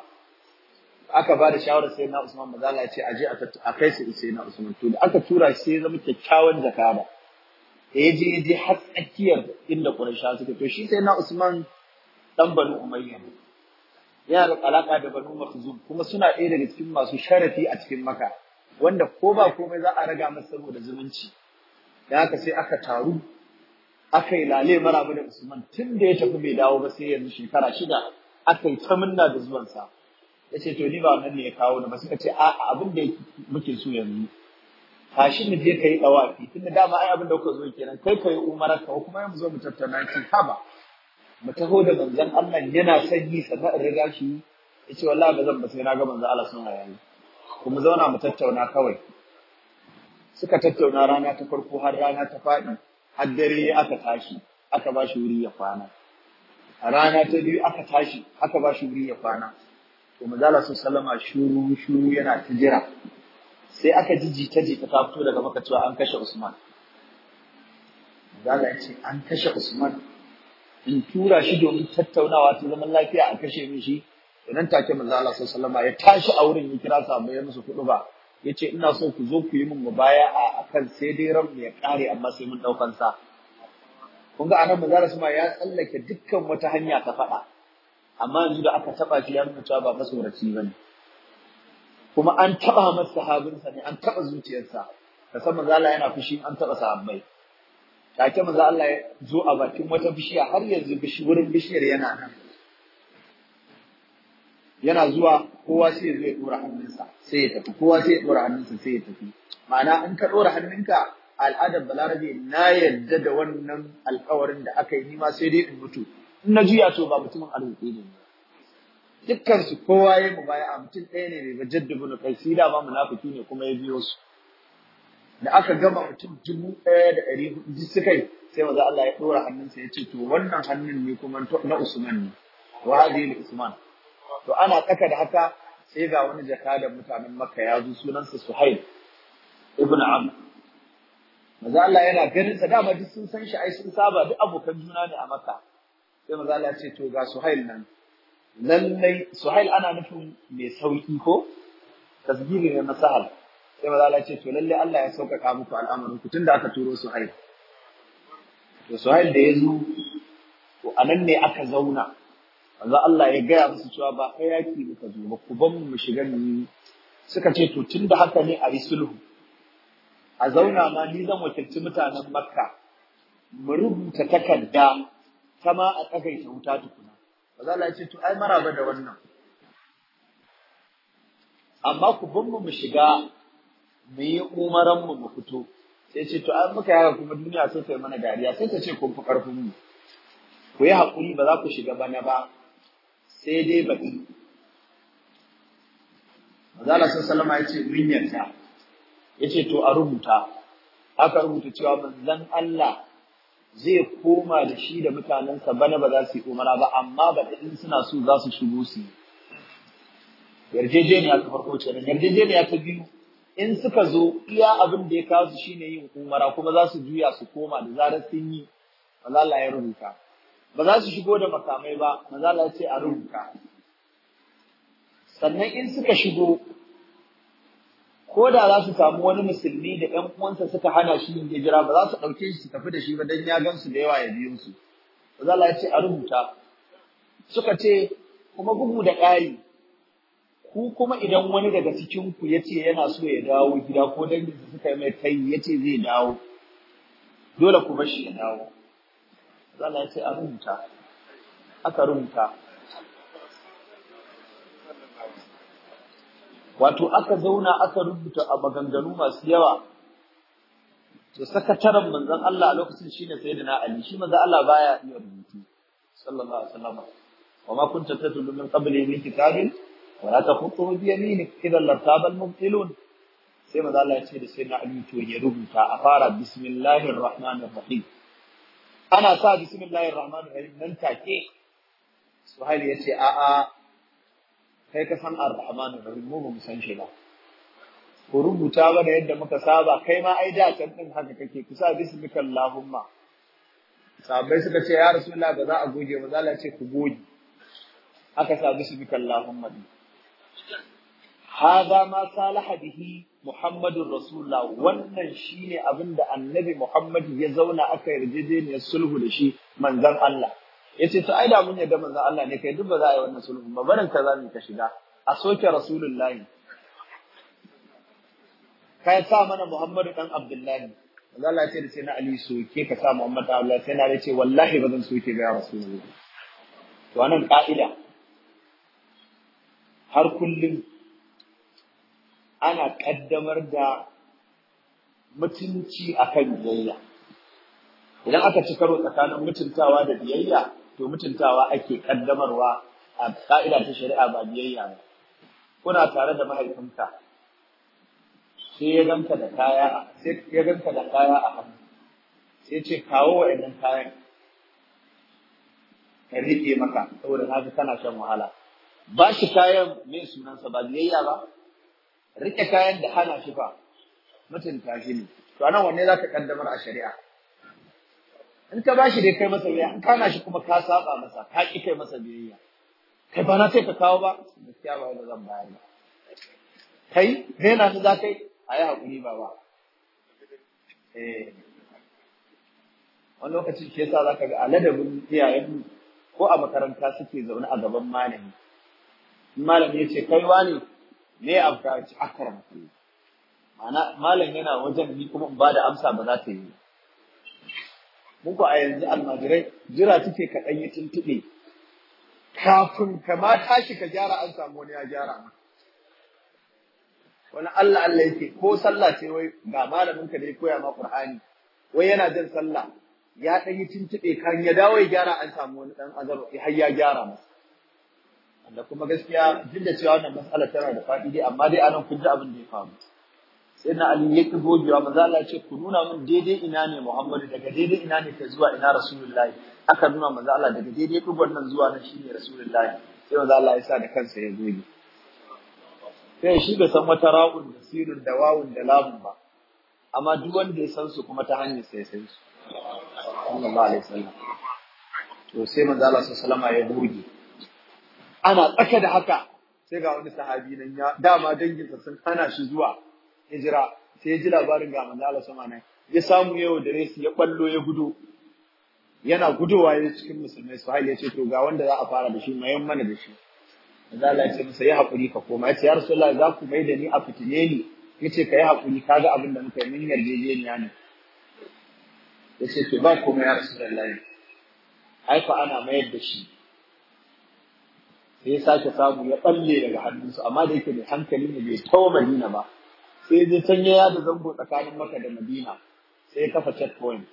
aka ba da shawarar sai na Usman mazala ya ce aje a kai sai sai na Usman to da aka tura shi sai zama kyakkyawan jakada da ya je ya je har tsakiyar inda Qurayshawa suke to shi sai na Usman dan Bani Umayya ya da alaka da banu makhzum kuma suna ɗaya daga cikin masu sharafi a cikin maka wanda ko ba komai za a raga masa saboda zumunci da haka sai aka taru aka yi lale marabu da usman tun da ya tafi bai dawo ba sai yanzu shekara shida aka yi ta minna da zuwansa ya ce to ni ba wannan ne ya kawo na ba suka ce a'a abin da muke so yanzu shi ne je ka yi ɗawafi tun da dama ai abin da kuka zo kenan kai ka yi umara ka kuma yanzu zo mu tattauna ki haba mu taho da manzon Allah yana son yi sa, in riga shi yace wallahi ba zan ba sai na ga manzon Allah sun yayi ku mu zauna mu tattauna kawai suka tattauna rana ta farko har rana ta faɗi har dare aka tashi aka ba shi wuri ya kwana rana ta biyu aka tashi aka ba shi wuri ya kwana to manzala su sallama shuru shuru yana ta jira sai aka ji jita jita ta fito daga maka an kashe Usman Zala ya ce an kashe Usman in tura shi domin tattaunawa ta zaman lafiya a kashe min shi nan take manzo Allah sallallahu alaihi ya tashi a wurin ya kira sa mai musu kudu ba yace ina so ku zo ku yi min mubaya'a akan sai dai ran ya kare amma sai mun daukan sa kun ga annabi manzo Allah ya tsallake dukkan wata hanya ta faɗa amma yanzu da aka taba shi ya nuna cewa ba masoraci bane kuma an taba masa sahabinsa ne an taba zuciyarsa da san manzo Allah yana fushi an taba sahabbai take Maza Allah ya zo a bakin wata bishiya har yanzu wurin bishiyar yana nan yana zuwa kowa sai ya zo ya dora hannunsa sai ya tafi kowa sai ya dora hannunsa sai ya tafi ma'ana in ka ɗora hannunka al'adar balarabe na yarda da wannan alkawarin da aka yi ni ma sai dai in mutu in na juya to ba mutumin arziki ne Dukkansu kowa ya mu baya mutum ɗaya ne bai jaddabu na kai sai da ba munafiki ne kuma ya biyo su da aka gama mutum dubu ɗaya da ɗari hudu duk su kai, sai maza Allah ya ɗora hannunsa ya ce to wannan hannun ne kuma na Usman ne wa hadhihi Usman to ana tsaka da haka sai ga wani jaka da mutanen Makka ya zo sunansa Suhail ibn Amr maza Allah yana ganin sa dama duk sun san shi ai sun saba duk abokan juna ne a Makka sai maza Allah ya ce to ga Suhail nan lallai Suhail ana nufin mai sauki ko tasbiri ne na sahal sai maza Allah ce to lalle Allah ya sauƙaƙa muku al'amarin ku tunda aka turo Suhail to Suhail da ya zo to anan ne aka zauna manzo Allah ya gaya musu cewa ba kai yaki muka zo ba ku ban mu shiga ni suka ce to tunda haka ne a yi sulhu a zauna ma ni zan wakilci mutanen Makka mu rubuta takarda ta ma a tsagaita wuta tukuna manzo Allah ya ce to ai maraba da wannan amma ku ban mu shiga mu yi umaran mu mu fito sai ce to an muka yaka kuma duniya sai ta yi mana dariya sai ta ce kun fi karfin mu ku yi haƙuri ba za ku shiga bana ba sai dai baɗi Mazala sun salama ya ce mun yarda ya ce to a rubuta aka rubuta cewa manzon Allah zai koma da shi da mutanensa bana ba za su yi umara ba amma ba in suna so za su shigo su yi yarjejeniya ta farko ce yarjejeniya ta biyu in suka zo iya abin da ya kawo su shine yin umara kuma za su juya su koma da zarar sun yi mazala ya rubuta ba za su shigo da makamai ba mazala ya ce a rubuta sannan in suka shigo ko da za su samu wani musulmi da ɗan uwansa suka hana shi yin hijira ba za su ɗauke shi su tafi da shi ba don ya gansu da yawa ya biyo su mazala ya ce a rubuta suka ce kuma bugu da ƙari ku kuma idan wani daga cikin ku yace yana so ya dawo gida ko dangin da suka mai kai yace zai dawo dole ku bashi shi ya dawo Zana ya ce a rumta aka rumta wato aka zauna aka rubuta a maganganu masu yawa to sakataren manzon Allah a lokacin shine sayyidina Ali shi manzon Allah baya iya rubutu sallallahu alaihi wasallam wa ma kunta tatlu min qabli min kitabin wala taqutu bi yaminik idan lartaba al-mubtilun sai maza Allah ya ce da sayyidina Ali to ya rubuta a fara bismillahir rahmanir rahim ana sa bismillahir rahmanir rahim nan ya ce a'a kai ka san ar-rahmanir rahim mu ba mu san shi ba ku rubuta mana yadda muka saba kai ma ai da can din haka kake ku sa bismikallahumma sahabbai suka ce ya rasulullah ba za a goge ba za a ce ku goge aka sa bismikallahumma din hada ma salaha bihi Muhammadun Rasulullah wannan shine abin da Annabi Muhammadu ya zauna aka yarjejeniyar sulhu da shi Manzan Allah yace to ai da mun yarda Manzan Allah ne kai duk ba za a yi wannan sulhu ba barin ka mu ka shiga a soke Rasulullah kai sa mana Muhammadu dan Abdullahi manzon Allah ya ce da sai na Ali soke ka sa Muhammad dan Abdullahi sai na ce wallahi ba zan soke ga Rasulullah to anan ka'ida har kullum ana kaddamar da mutunci akan biyayya idan aka ci karo tsakanin mutuntawa da biyayya to mutuntawa ake kaddamarwa a ka'ida ta shari'a ba biyayya ba kuna tare da mahaifinka sai ya ganka da kaya sai a hannu sai ce kawo wa idan kayan ka rike maka saboda na fi kana shan wahala ba shi kayan mai sunansa ba biyayya ba rike kayan da hana shi fa mutunta shi ne to anan wanne zaka kaddamar a shari'a in ka bashi dai kai masa biyayya in kana shi kuma ka saba masa ka ki kai masa biyayya kai ba na sai ka kawo ba gaskiya ba wanda zan bayar ba kai me na ta zakai a yi hakuri ba ba eh wani lokaci ke yasa zaka ga aladabin iyayen ko a makaranta suke zaune a gaban malami malami yace ce kai wani me ya ya mutum ma'ana malam yana wajen ni kuma in ba da amsa ba za ta yi mun ko a yanzu almajirai jira suke ka ɗan yi tuntuɓe kafin ka ma tashi ka gyara an samu wani ya gyara ma wani Allah Allah yake ko sallah ce wai ga malamin ka da koya ma Qur'ani wai yana jan sallah ya ɗan yi tuntuɓe kan ya dawo ya gyara an samu wani ɗan azaro har ya gyara masa da kuma gaskiya duk da cewa wannan mas'ala tana da faɗi dai amma dai anan kun ji abin da ya faru sai na Ali ya ki gogewa maza Allah ce ku nuna min daidai ina ne Muhammadu daga daidai ina ne ta zuwa ina Rasulullahi aka nuna maza Allah daga daidai ku zuwa nan shine Rasulullahi sai maza Allah ya sa da kansa ya goge sai shi bai san wata ra'un da sirrin da wawun da lamun ba amma duk wanda ya san su kuma ta hanyar sai sai su sallallahu alaihi wasallam to sai maza Allah sallallahu ya goge ana tsaka da haka sai ga wani sahabi nan ya dama danginsa sun hana shi zuwa hijira sai ya ji labarin ga manzo Allah sama nan ya samu yau da resi ya ballo ya gudu yana gudowa ya cikin musulmai su ya ce to ga wanda za a fara da shi mayan mana da shi manzo Allah ya ce masa yi hakuri ka koma ya ce ya rasulullahi za ku mai da ni a fitine ni yace ka yi hakuri kaga abin da muka yi mun yarjejeniya ne Ya ce to ba komai ya rasulullahi ai fa ana mayar da shi sai ya sake samu ya balle daga hannunsu amma da yake da hankali ne bai tawo Madina ba sai zai canye ya da zango tsakanin maka da Madina sai ya kafa checkpoint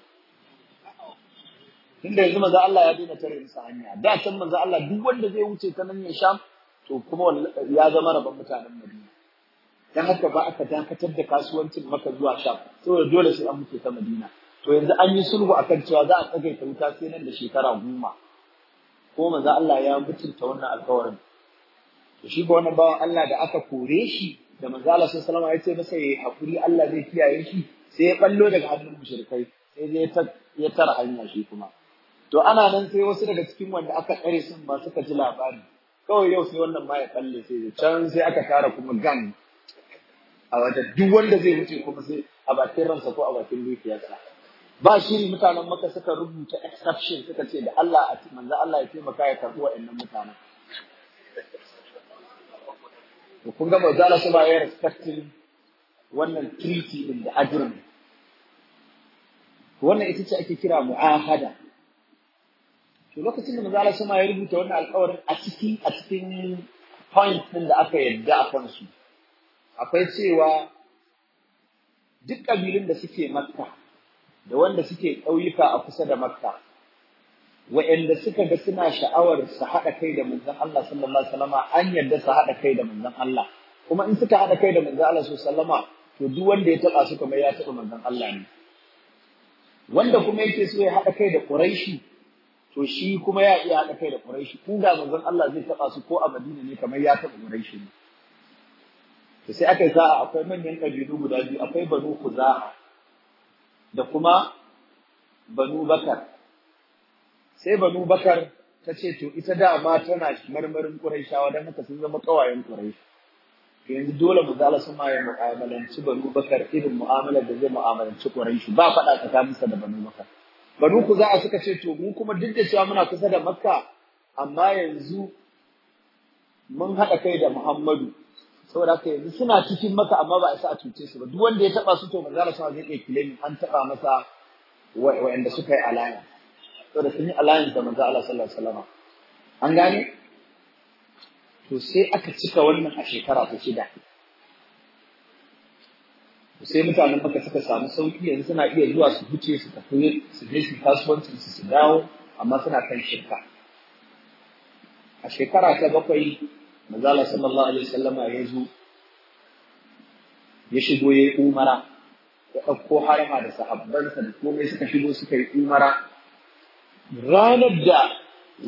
tunda yanzu manzo Allah ya daina tare masa hanya da can manzo Allah duk wanda zai wuce ta nan ya sha to kuma ya zama rabon mutanen Madina dan haka ba aka dakatar da kasuwancin maka zuwa sha saboda dole sai an wuce ta Madina to yanzu an yi sulhu akan cewa za a tsagaita wuta sai nan da shekara goma ko manzo Allah ya mutunta wannan alƙawarin. to shi ba wannan bawan Allah da aka kore shi da manzo Allah sallallahu alaihi wasallam ya ce masa yayi hakuri Allah zai kiyaye shi sai ya ballo daga hannun mushrikai sai ta ya tara hanya shi kuma to ana nan sai wasu daga cikin wanda aka kare sun ba suka ji labari kawai yau sai wannan ma ya balle sai ya can sai aka tara kuma gan. a wajen duk wanda zai wuce kuma sai a bakin ransa ko a bakin dukiyarsa ba shiri mutanen maka suka rubuta exception suka ce da Allah a manzo Allah ya taimaka ya karbi waɗannan mutanen to kun ga manzo Allah ba ya respecting wannan treaty din da agreement wannan ita ce ake kira mu'ahada to lokacin da manzo Allah sama ya rubuta wannan alƙawarin a cikin a cikin point din da aka yarda a kansu akwai cewa duk kabilun da suke Makka da wanda suke ƙauyuka a kusa da makka wa'anda suka ga suna sha'awar su haɗa kai da manzon Allah sallallahu alaihi wasallama an yarda su haɗa kai da manzon Allah kuma in suka haɗa kai da manzon Allah sallallahu alaihi wasallama to duk wanda ya taɓa su kamar ya taɓa manzon Allah ne wanda kuma yake so ya haɗa kai da Quraishi to shi kuma ya iya haɗa kai da Quraishi ko da manzon Allah zai taɓa su ko a Madina ne kamar ya taɓa Quraishi ne to sai aka yi sa'a akwai manyan kabilu guda biyu akwai Banu Khuza'a da kuma Banu Bakar. Sai Banu Bakar ta ce to ita dama tana marmarin Qurayshawa dan haka sun zama kawayen Quraysh. To yanzu dole mu zala su ma ya mu'amalanci Banu Bakar irin mu'amalar da zai mu'amalanci Quraysh ba faɗa ka ta musa da Banu Bakar. Banu ku za a suka ce to mu kuma duk da cewa muna kusa da Makka amma yanzu mun haɗa kai da Muhammadu saboda haka yanzu suna cikin maka amma ba a sa a cuce su ba duk wanda ya taba su to manzo Allah zai iya claim an taba masa wanda suka yi alaya saboda sun yi alliance da manzo Allah sallallahu alaihi wasallam an gane to sai aka cika wannan a shekara ta shida sai mutanen maka suka samu sauki yanzu suna iya zuwa su huce su tafi su je su kasuwancin su su dawo amma suna kan shirka a shekara ta bakwai manzala sallallahu alaihi wasallama ya zo ya shigo ya yi umara ya ɗauko harama da sahabbansa da komai suka shigo suka yi umara ranar da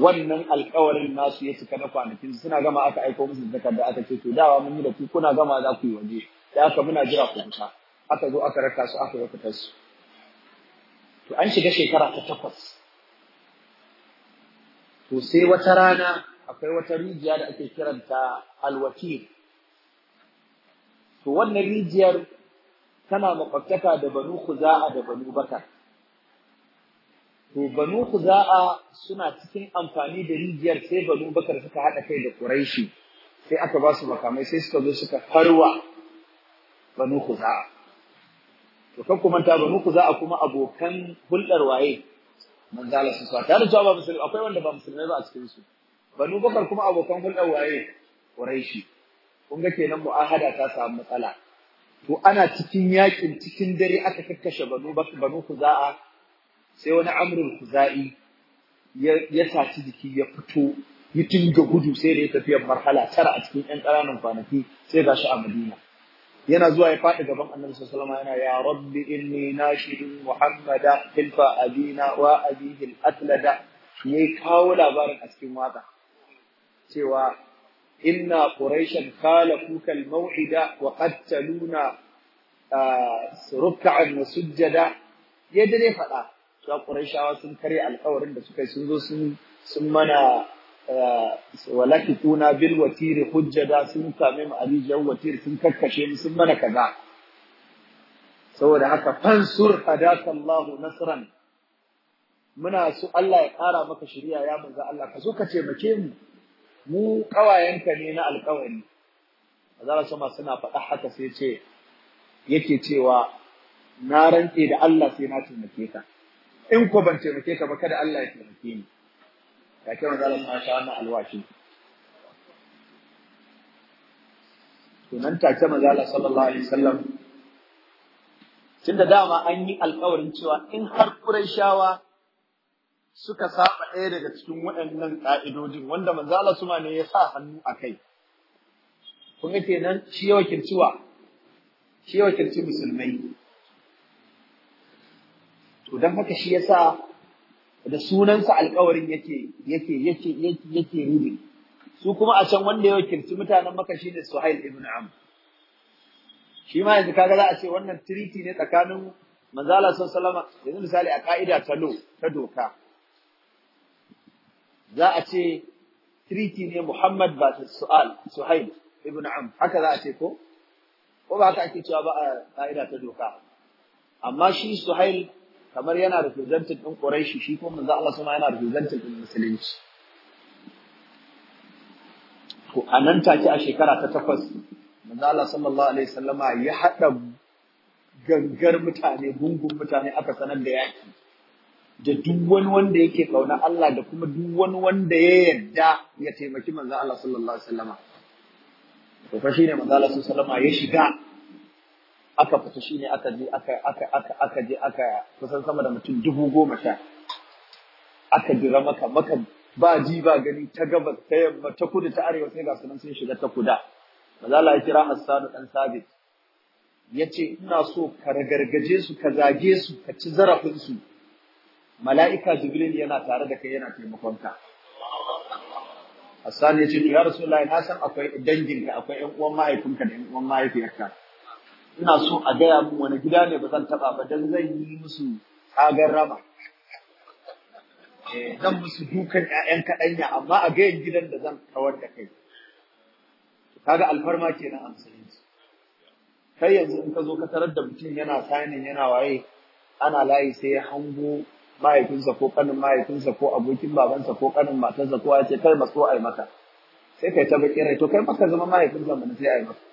wannan alkawarin nasu ya cika na kwanakin suna gama aka aiko musu da aka ce to dawa mun yi da ku kuna gama za ku yi waje da aka muna jira ku fita aka zo aka raka su aka yi fitar su to an shiga shekara ta takwas to sai wata rana akwai wata rijiya da ake kiranta alwakir to wannan rijiyar tana makwabtaka da banu kuza'a da banu bakar to banu kuza'a suna cikin amfani da rijiyar sai banu bakar suka haɗa kai da ƙuraishi sai aka ba su makamai sai suka zo suka farwa banu kuza'a to kan ku manta banu kuza'a kuma abokan hulɗar waye manzala su sa tare da cewa ba musulmi akwai wanda ba musulmai ba a cikin su banu bakar kuma abokan hulɗar waye quraishi kun ga kenan mu'ahada ta samu matsala to ana cikin yakin cikin dare aka kakkashe banu banu kuza'a sai wani amrul kuza'i ya ya saci jiki ya fito ya ga gudu sai da ya tafiyar marhala tara a cikin 'yan ƙananan kwanaki sai shi a Madina yana zuwa ya faɗi gaban annabi sallallahu alaihi wasallam yana ya rabbi inni nashidun muhammada hilfa abina wa abihi al-atlada yayi kawo labarin a cikin waka cewa inna quraishan kala kukal mau'ida wa qattaluna ruk'an wa sujjada yadda ne faɗa cewa quraishawa sun kare alƙawarin da suka yi sun zo sun sun mana walakituna bil watiri hujjada sun kame mu alijan watir sun kakkashe mu sun mana kaza saboda haka fansur hadaka Allahu nasran muna su Allah ya ƙara maka shari'a ya manzo Allah ka zo ka taimake mu mu kawayenka ne na alƙawari. azara sama suna faɗa haka sai ce yake cewa na rantse da Allah sai na taimake ka in ko ban taimake ka ba kada Allah ya taimake ni ya ce manzo Allah sama wannan alwashi to nan take manzo Allah sallallahu alaihi wasallam tunda dama an yi alƙawarin cewa in har Qurayshawa suka saba ɗaya daga cikin waɗannan ƙa'idojin wanda manzala suma ne ya sa hannu a kai. Kun ga kenan shi ya wakilciwa, shi ya wakilci musulmai. To don haka shi ya sa da sunansa alkawarin yake yake yake yake yake Su kuma a can wanda ya wakilci mutanen maka shi ne Suhail ibn Am. Shi ma yanzu kaga za a ce wannan tiriti ne tsakanin manzala sallallahu alaihi wasallam yanzu misali a ka'ida ta lo ta doka. za a ce triti ne Muhammad ba su'al Suhail ibn Am haka za a ce ko ko ba haka ake cewa ba a ka'ida ta doka amma shi Suhail kamar yana representative din Quraishi shi ko manzo Allah sama yana representative din musulunci to anan take a shekara ta takwas manzo Allah sallallahu alaihi wasallama ya hada gangar mutane gungun mutane aka sanar da yaki da duk wani wanda yake kauna Allah da kuma duk wani wanda ya yarda ya taimaki manzo Allah sallallahu alaihi wasallam to fa shine manzo Allah sallallahu alaihi wasallam ya shiga aka fita shine aka je aka aka aka aka je aka kusan sama da mutum dubu goma sha aka jira maka maka ba ji ba gani ta gabas ta yamma ta kudu ta arewa sai ga sunan sun shiga ta kuda manzo Allah ya kira Hassan dan Sabit yace ina so ka ragargaje su ka zage su ka ci zarafin su mala'ika jibril yana tare da kai yana taimakon ka Hassan ya ce ya Rasulullahi na san akwai danginka akwai yan uwan mahaifinka da yan uwan mahaifiyarka ina so a gaya min wani gida ne ba zan taba ba dan zan yi musu tsagar raba eh, zan musu dukan 'ya'yan kaɗanya amma a gayan gidan da zan kawar da kai kaga alfarma kenan a musulunci kai yanzu in ka zo ka tarar da mutum yana sanin yana waye ana layi sai ya hango mahaifinsa ko kanin mahaifinsa ko abokin babansa ko kanin matarsa ko ya ce kai a yi maka sai kai ta baki rai to kai maka zama mahaifinsa mana sai yi maka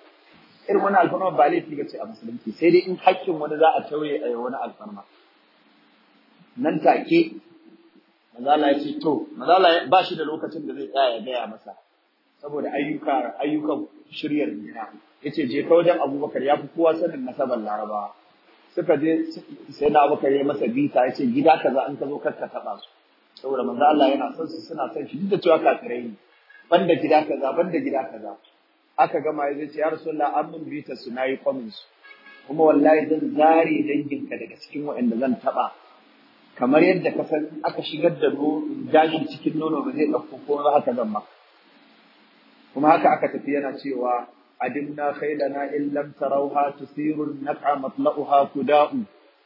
irin wani alfarma ba laifi ba ce a musulunci sai dai in hakkin wani za a tauye a wani alfarma nan take mazala ya ce to mazala ba shi da lokacin da zai tsaya ya gaya masa saboda ayyuka ayyukan shiryar gina. ya ce je ka wajen abubakar ya fi kowa sanin nasabar larabawa suka je sai na abu ya masa bita ya ce gida ka kaza an ka zo kar ka taba su saboda manzo Allah yana son su suna son shi duk da cewa kafirai ne banda gida ka kaza banda gida ka kaza aka gama ya zai ce ya rasu an mun bita su yi kwamin su kuma wallahi zan zare danginka daga cikin waɗanda zan taba kamar yadda ka san aka shigar da gashi cikin nono ba zai ɗauko ko a zan maka kuma haka aka tafi yana cewa عدمنا خيلنا إن لم تروها تثير النفع مطلؤها كداء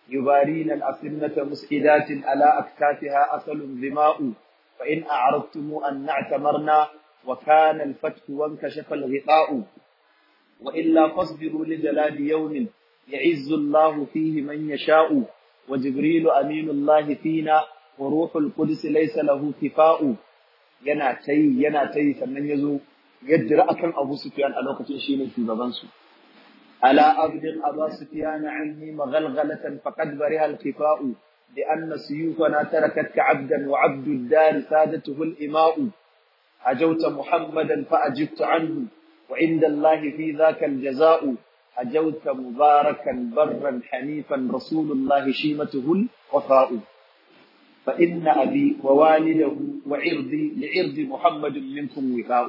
يبارين الأسنة مسئدات على أكتافها أصل ظماء فإن أعرضتم أن نعتمرنا وكان الفتح وانكشف الغطاء وإلا فاصبروا لجلال يوم يعز الله فيه من يشاء وجبريل أمين الله فينا وروح القدس ليس له كفاء ينا تي ينا تي فمن يزو yaddira akan Abu Sufyan a lokacin shine shugaban su ala abdil Abu Sufyan anni maghalghalatan faqad bariha al-qifa'u bi anna suyufana tarakatka 'abdan wa 'abdu ad-dar sadatuhu al-ima'u hajawta Muhammadan fa ajibtu anhu wa 'inda Allah fi dhaka al-jaza'u هجوت مباركا برا حنيفا رسول الله شيمته الوفاء فإن أبي ووالده وعرضي لعرض محمد منكم وفاء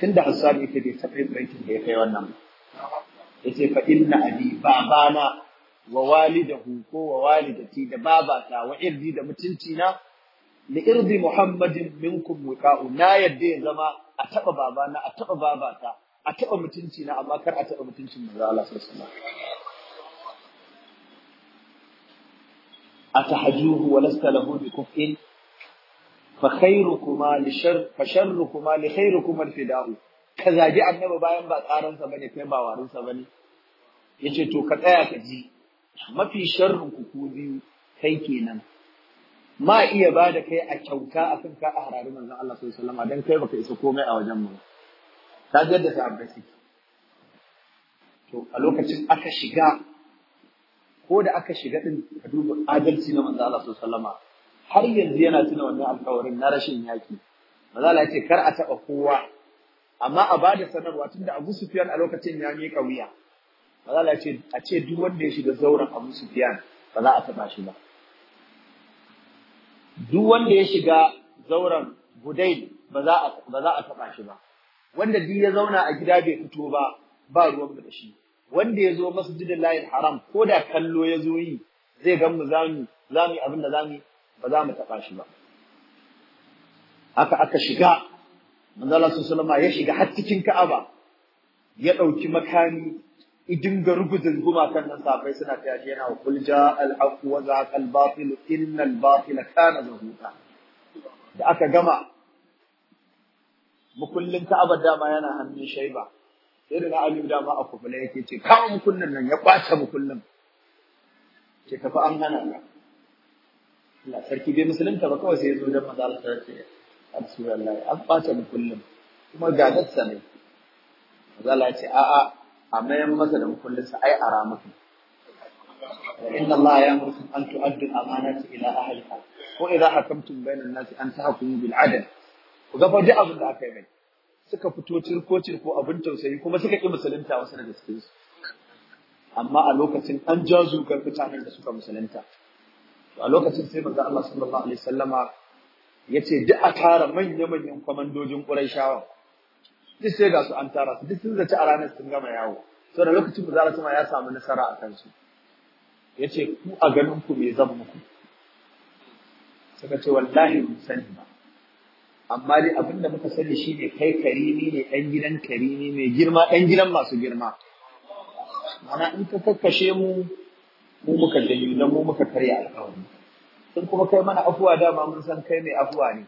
tun da ansari yake da taɓa yin da ya kai wannan ya ce fa inna abi babana wa walidahu ko wa walidati da babata wa irdi da na li irdi muhammadin minkum wiqa'u na yadda ya zama a taɓa babana a taɓa babata a taba mutunci na amma kar a taba mutuncin manzo Allah sallallahu alaihi wasallam atahajuhu walasta lahu bi fa khairukuma li shar fa sharrukuma li khairukum al-fida'u ka zagi annabi bayan ba tsaransa bane kai ba warinsa bane yace to ka tsaya ka ji mafi sharrin ku ku biyu kai kenan ma iya ba da kai a kyauta a akan ka a harari manzon Allah sallallahu alaihi wasallam dan kai baka isa komai a wajen mu ta jaddada ta suke to a lokacin aka shiga ko da aka shiga din ka duba adalci na manzo Allah sallallahu alaihi wasallama har yanzu yana tuna wannan alƙawarin na rashin yaki mazala ya ce kar a taɓa kowa amma a ba da sanarwa tunda abu sufiyan a lokacin ya miƙa wuya mazala ya a ce duk wanda ya shiga zauren abu sufiyan ba za a taɓa shi ba duk wanda ya shiga zauren budai ba za a taɓa shi ba wanda duk ya zauna a gida bai fito ba ba ruwan da shi wanda ya zo masjidin layin haram ko da kallo ya zo yi zai gan mu zamu zamu abin da zamu ba za mu taɓa shi ba haka aka shiga manzala sun salama ya shiga har cikin ka'aba ya ɗauki makami idin ga rugudin gumakan nan safai suna ta yaji yana kul ja al haqu wa zaqa al batil inna al batila kana zahuqa da aka gama mukullin ka'aba dama yana hannun shaiba sai da Ali dama a kubula yake ce kawo mukullin nan ya kwace mukullin ce tafi an hana Allah sarki bai musulunta ba kawai sai ya zo da maza Allah sarki a Rasulullahi an ɓata mu kullum kuma ga dassa ne maza Allah ce a'a a mayan masa da mukullin sa ai a ramuka inna Allah ya murku an tu'addu amanati ila ahliha ko idza hakamtum bainan nasi an tahkumu bil adl ku ga fa duk abin da aka yi mai suka fito cirko cirko abin tausayi kuma suka ƙi musulunta wasu daga cikin su amma a lokacin an jazu ga mutanen da suka musulunta a lokacin sai manzo Allah sallallahu alaihi wasallama yace duk a tara manya-manyan kwamandojin Qurayshawa duk sai ga su an tara su duk sun zaci a ranar sun gama yawo to da lokacin da zalata ma ya samu nasara a kansu yace ku a ganin ku me zan muku Saka ce wallahi mun sani ba amma dai abin da muka sani shine kai karimi ne dan gidan karimi mai girma dan gidan masu girma mana in ka kakkashe mu mu muka da mu muka karya alƙawari sun kuma kai mana afuwa dama mun san kai mai afuwa ne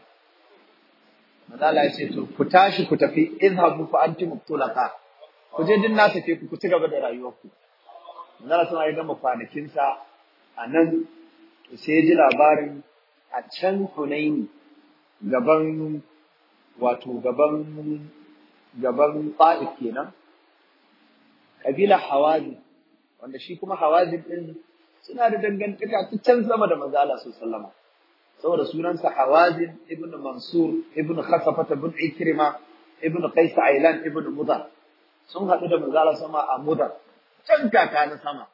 Allah ya ce to ku tashi ku tafi izhabu fa antum tulaka ku je din na tafi ku ci gaba da rayuwarku manzala sun ya gama kwanakinsa a nan sai ji labarin a can Hunaini gaban wato gaban gaban Ta'if kenan kabila Hawazin wanda shi kuma Hawazin ɗin. suna da dangantaka ta can sama da manzo Allah sallallahu saboda sunansa Hawazin ibn Mansur ibn Khasafat ibn Ikrima ibn Qais Ailan ibn Mudar sun haɗu da manzo sama a Mudar can kaka na sama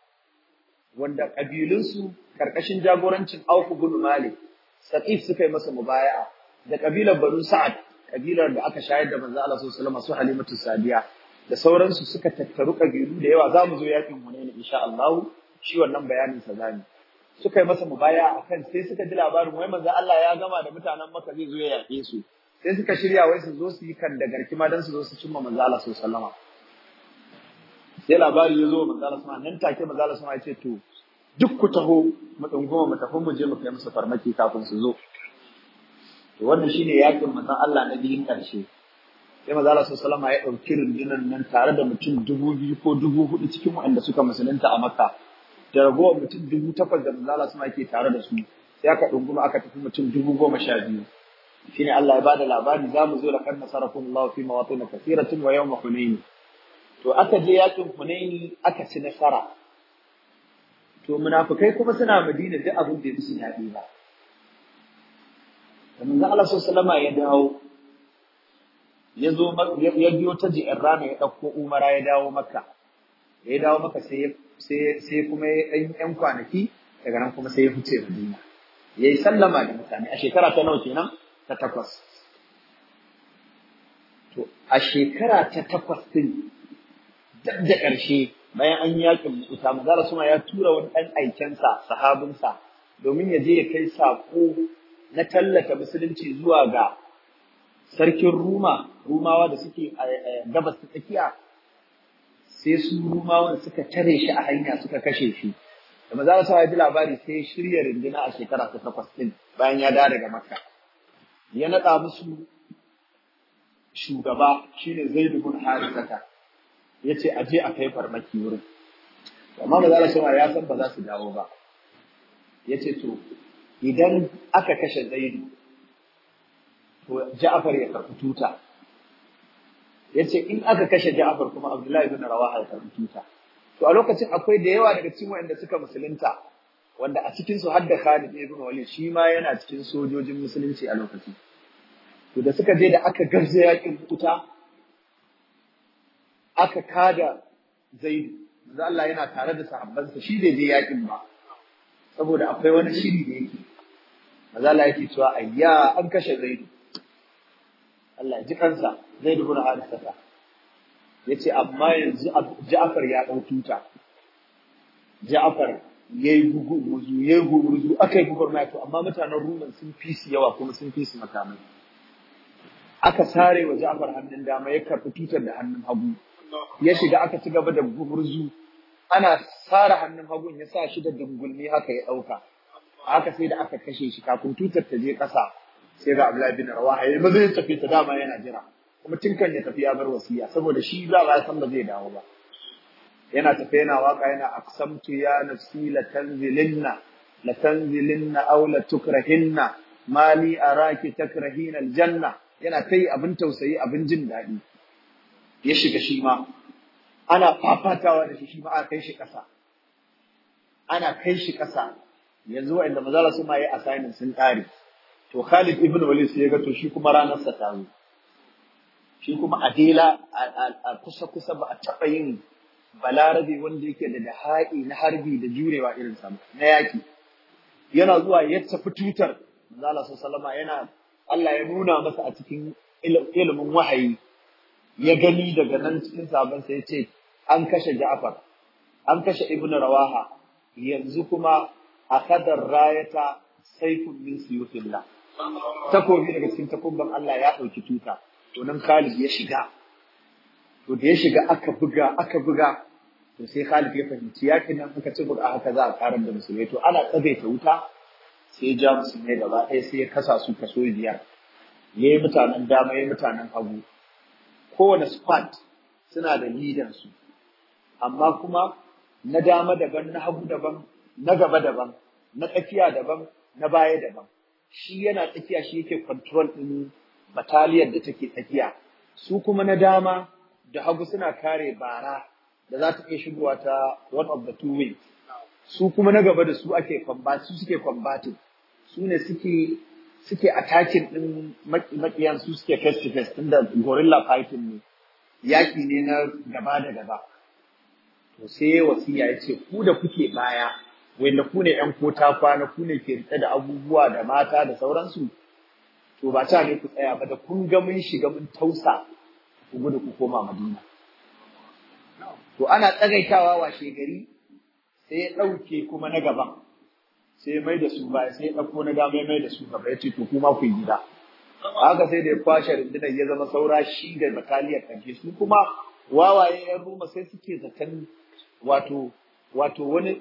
wanda kabilunsu karkashin jagorancin Auf ibn Malik Saqif suka yi masa mubaya'a da kabilar Banu Sa'ad kabilar da aka shayar da manzo Allah sallallahu alaihi wasallam su Halimatu Sadiya da sauransu suka tattaru kabilu da yawa za mu zo yakin mu ne insha Allah shi wannan bayanin sa zani suka yi masa mubaya akan sai suka ji labarin wai manzo Allah ya gama da mutanen Makka zai zo ya yaƙe su sai suka shirya wai su zo su yi kan da garki ma dan su zo su cimma manzo Allah sallallahu alaihi sai labari ya zo manzo Allah sallallahu nan take manzo Allah sallallahu ya ce to duk ku taho mu dungoma mu tafi mu je mu kai musu farmaki kafin su zo to wannan shine yakin manzo Allah na biyun karshe sai manzo Allah sallallahu alaihi ya dauki rundunar nan tare da mutum dubu biyu ko dubu hudu cikin waɗanda suka musulunta a Makka da ragowar mutum dubu takwas da manzala suna ke tare da su sai aka ɗunguma aka tafi mutum dubu goma sha biyu shine Allah ya bada labari za mu zo da kan nasarakum Allah fi mawatin kathiratin wa yawm hunain to aka je yakin hunain aka ci nasara to munafikai kuma suna Madina duk abin da yake daɗi ba da manzo Allah sallallahu alaihi ya dawo ya zo ya biyo ta ji'irrana ya ɗauko umara ya dawo maka ya dawo maka sai sai kuma yan kwanaki daga nan kuma sai ya fice Madina ya yi sallama da mutane a shekara ta nawa kenan ta takwas to a shekara ta takwas din dab da ƙarshe bayan an yakin Musa manzara suma ya tura wani ɗan aikensa sahabinsa domin ya je ya kai saƙo na tallata musulunci zuwa ga sarkin Ruma Rumawa da suke eh, eh, gabas ta tsakiya sai su rumawan suka tare shi a hanya suka kashe shi da maza sa ya ji labari sai shirya rinduna a shekara ta takwas din bayan ya dawo daga makka ya naɗa musu shugaba shine zaid ibn Ya yace a je a kai farmaki wurin amma maza sa ya san ba za su dawo ba yace to idan aka kashe zaidu to ja'far ya karɓi tuta yace in aka kashe Ja'far kuma Abdullahi ibn Rawaha ya karbi ta to a lokacin akwai da yawa daga cikin wanda suka musulunta wanda a cikin su hadda Khalid ibn Walid shi ma yana cikin sojojin musulunci a lokacin to da suka je da aka garza yakin kuta, aka kada Zaid manzo Allah yana tare da sahabbansa shi bai je yakin ba saboda akwai wani shiri da yake manzo Allah yake cewa ayya an kashe Zaid Allah ji kansa Zai zaid ibn Ya ce amma yanzu Ja'far ya ɗau tuta Ja'far yi gugu wuzu yi gugu wuzu yi gugur mai to amma mutanen Ruman sun fi su yawa kuma sun fi su makamai aka sare wa Ja'far hannun dama ya karfi tutar da hannun hagu ya shiga aka ci gaba da gurzu ana sare hannun hagun ya sa shi da dangulmi haka ya ɗauka. Aka sai da aka kashe shi kafin tutar ta je ƙasa. sai ga Abdullahi bin rawa a yi mazai tafi ta dama yana jira kuma tun ya tafi ya bar wasiya saboda shi za a san ba zai dawo ba yana tafe yana waka yana aksamtu ya nafsi la tanzilinna la tanzilinna aw la tukrahinna mali araki takrahina aljanna yana kai abin tausayi abin jin daɗi ya shiga shi ma ana fafatawa da shi shi ma a kai shi ƙasa ana kai shi ƙasa yanzu wa'anda mazala su ma yi assignment sun tare to Khalid ibn Walid sai ya ga to shi kuma ranar sa ta shi kuma a dela a kusa-kusa ba a taɓa yin balarabe wanda yake da dahaɗi na harbi da jurewa irin samu na yaƙi yana zuwa ya tafi tutar manzala salama yana Allah ya nuna masa a cikin ilimin wahayi ya gani daga nan cikin sabon sai ce an kashe Ja'far an kashe Ibn Rawaha yanzu kuma a akadar rayata saifun min suyutillah takobi daga cikin takobban Allah ya ɗauki tuta to nan Khalid ya shiga to da ya shiga aka buga aka buga to sai Khalid ya fahimci yakin nan aka ci buga haka za a karar da musulmi to ana ta wuta sai ja musulmai gaba ɗaya sai ya kasa su kaso biyar ya yi mutanen dama ya yi mutanen hagu kowane squad suna da leader su amma kuma na dama daban na hagu daban na gaba daban na tsakiya daban na baya daban shi yana tsakiya shi yake control ɗin bataliyar da take tsakiya su kuma na dama da hagu suna kare bara da za ta iya shigowa ta one of the two wings su kuma na gaba da su ake su suke combating su ne suke suke attacking din makiyan su suke face to face tunda gorilla fighting ne yaki ne na gaba da gaba to sai wasiya ya ku da kuke baya wanda ku ne yan kota kwana ku ne ke rike da abubuwa da mata da sauransu to ba ta ne ku tsaya ba da kun ga mun shiga mun tausa ku gudu ku koma Madina to ana tsagaitawa washe gari sai ya ɗauke kuma na gaban sai mai da su ba, sai ya ɗauko na dama mai da su gaba ya to kuma ku gida haka sai da ya kwashe rundunar ya zama saura shi da bataliyar kanke su kuma wawaye yan ruma sai suke zaton wato wato wani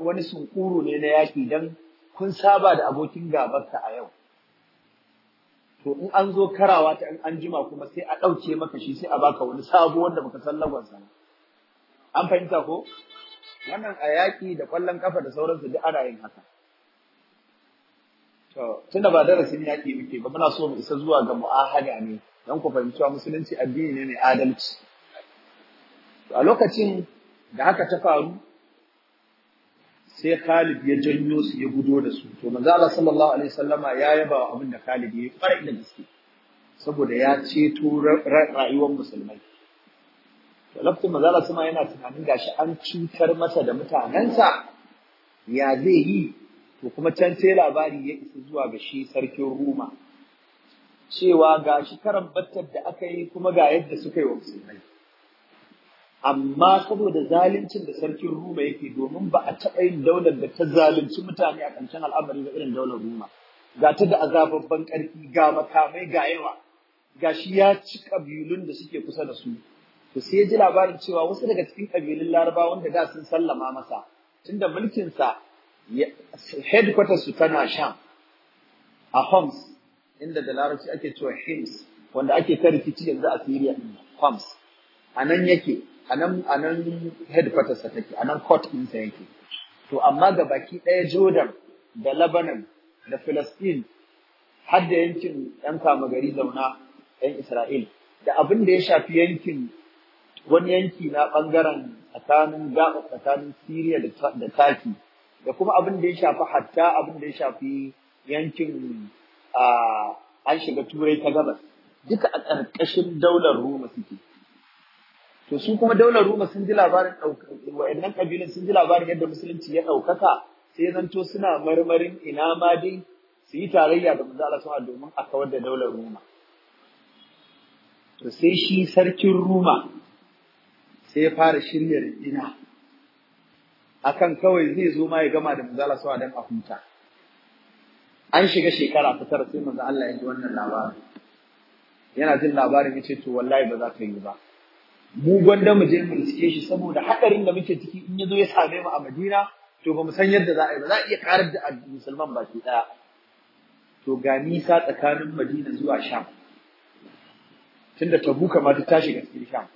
wani sunkuru ne na yaki dan kun saba da abokin gabarka a yau to in an zo karawa ta in an jima kuma sai a ɗauke maka shi sai a baka wani sabo wanda baka san lagwansa an fahimta ko wannan a yaƙi da ƙwallon kafa da sauransu duk ana yin haka to tunda ba darasin yaƙi muke ba muna so mu isa zuwa ga mu'ahada ne don ku fahimci cewa musulunci addini ne mai adalci a lokacin da haka ta faru sai Khalid ya janyo su ya gudo da su to manzo Allah sallallahu alaihi wasallama ya yaba wa abin Khalid ya yi da gaske saboda ya ceto rayuwar musulmai to lafti manzo Allah sama yana tunanin gashi an cutar masa da mutanansa. ya zai yi to kuma can sai labari ya isa zuwa ga shi sarkin Roma cewa gashi karan battar da aka yi kuma ga yadda suka yi wa musulmai amma saboda zaluncin da sarkin Roma yake domin ba a taɓa yin daular da ta zalunci mutane a ƙarshen al'amari ba irin daular Roma ga ta da azabar ƙarfi ga makamai ga yawa ga shi ya ci ƙabilun da suke kusa da su to sai ya ji labarin cewa wasu daga cikin ƙabilun Larabawa wanda da sun sallama masa tunda mulkinsa headquarters su tana Sham a Homs inda da larabci ake cewa Hims wanda ake ta rikici yanzu a Syria Homs a nan yake a nan a nan headquarters take a nan court ɗinsa yake to amma ga baki ɗaya Jordan da Lebanon da Palestine har da yankin ‘yan kama gari zauna ‘yan Isra'il da abin da ya shafi yankin wani yanki na ɓangaren tsakanin gaɓa tsakanin Siriya da Turkey da kuma abin da ya shafi hatta abin da ya shafi yankin a ah, an shiga Turai ta gabas duka a ƙarƙashin daular Roma suke. to su kuma daular Roma sun ji labarin wa'annan ƙabilun sun ji labarin yadda musulunci ya ɗaukaka sai zanto suna marmarin ina ma dai su yi tarayya da manzo Allah domin a kawar da daular Roma to sai shi sarkin Roma sai ya fara shirya rindina akan kawai zai zo ma ya gama da manzo Allah dan a huta an shiga shekara ta tara sai manzo Allah ya ji wannan labarin yana jin labarin yace to wallahi ba za ka yi ba mu gwanda mu je mu riske shi saboda hadarin da muke ciki in yazo ya same mu a Madina to ba mu san yadda za a yi ba za a iya karar da musulman baki daya to ga nisa tsakanin Madina zuwa Sham tunda Tabuka ma ta shiga cikin Sham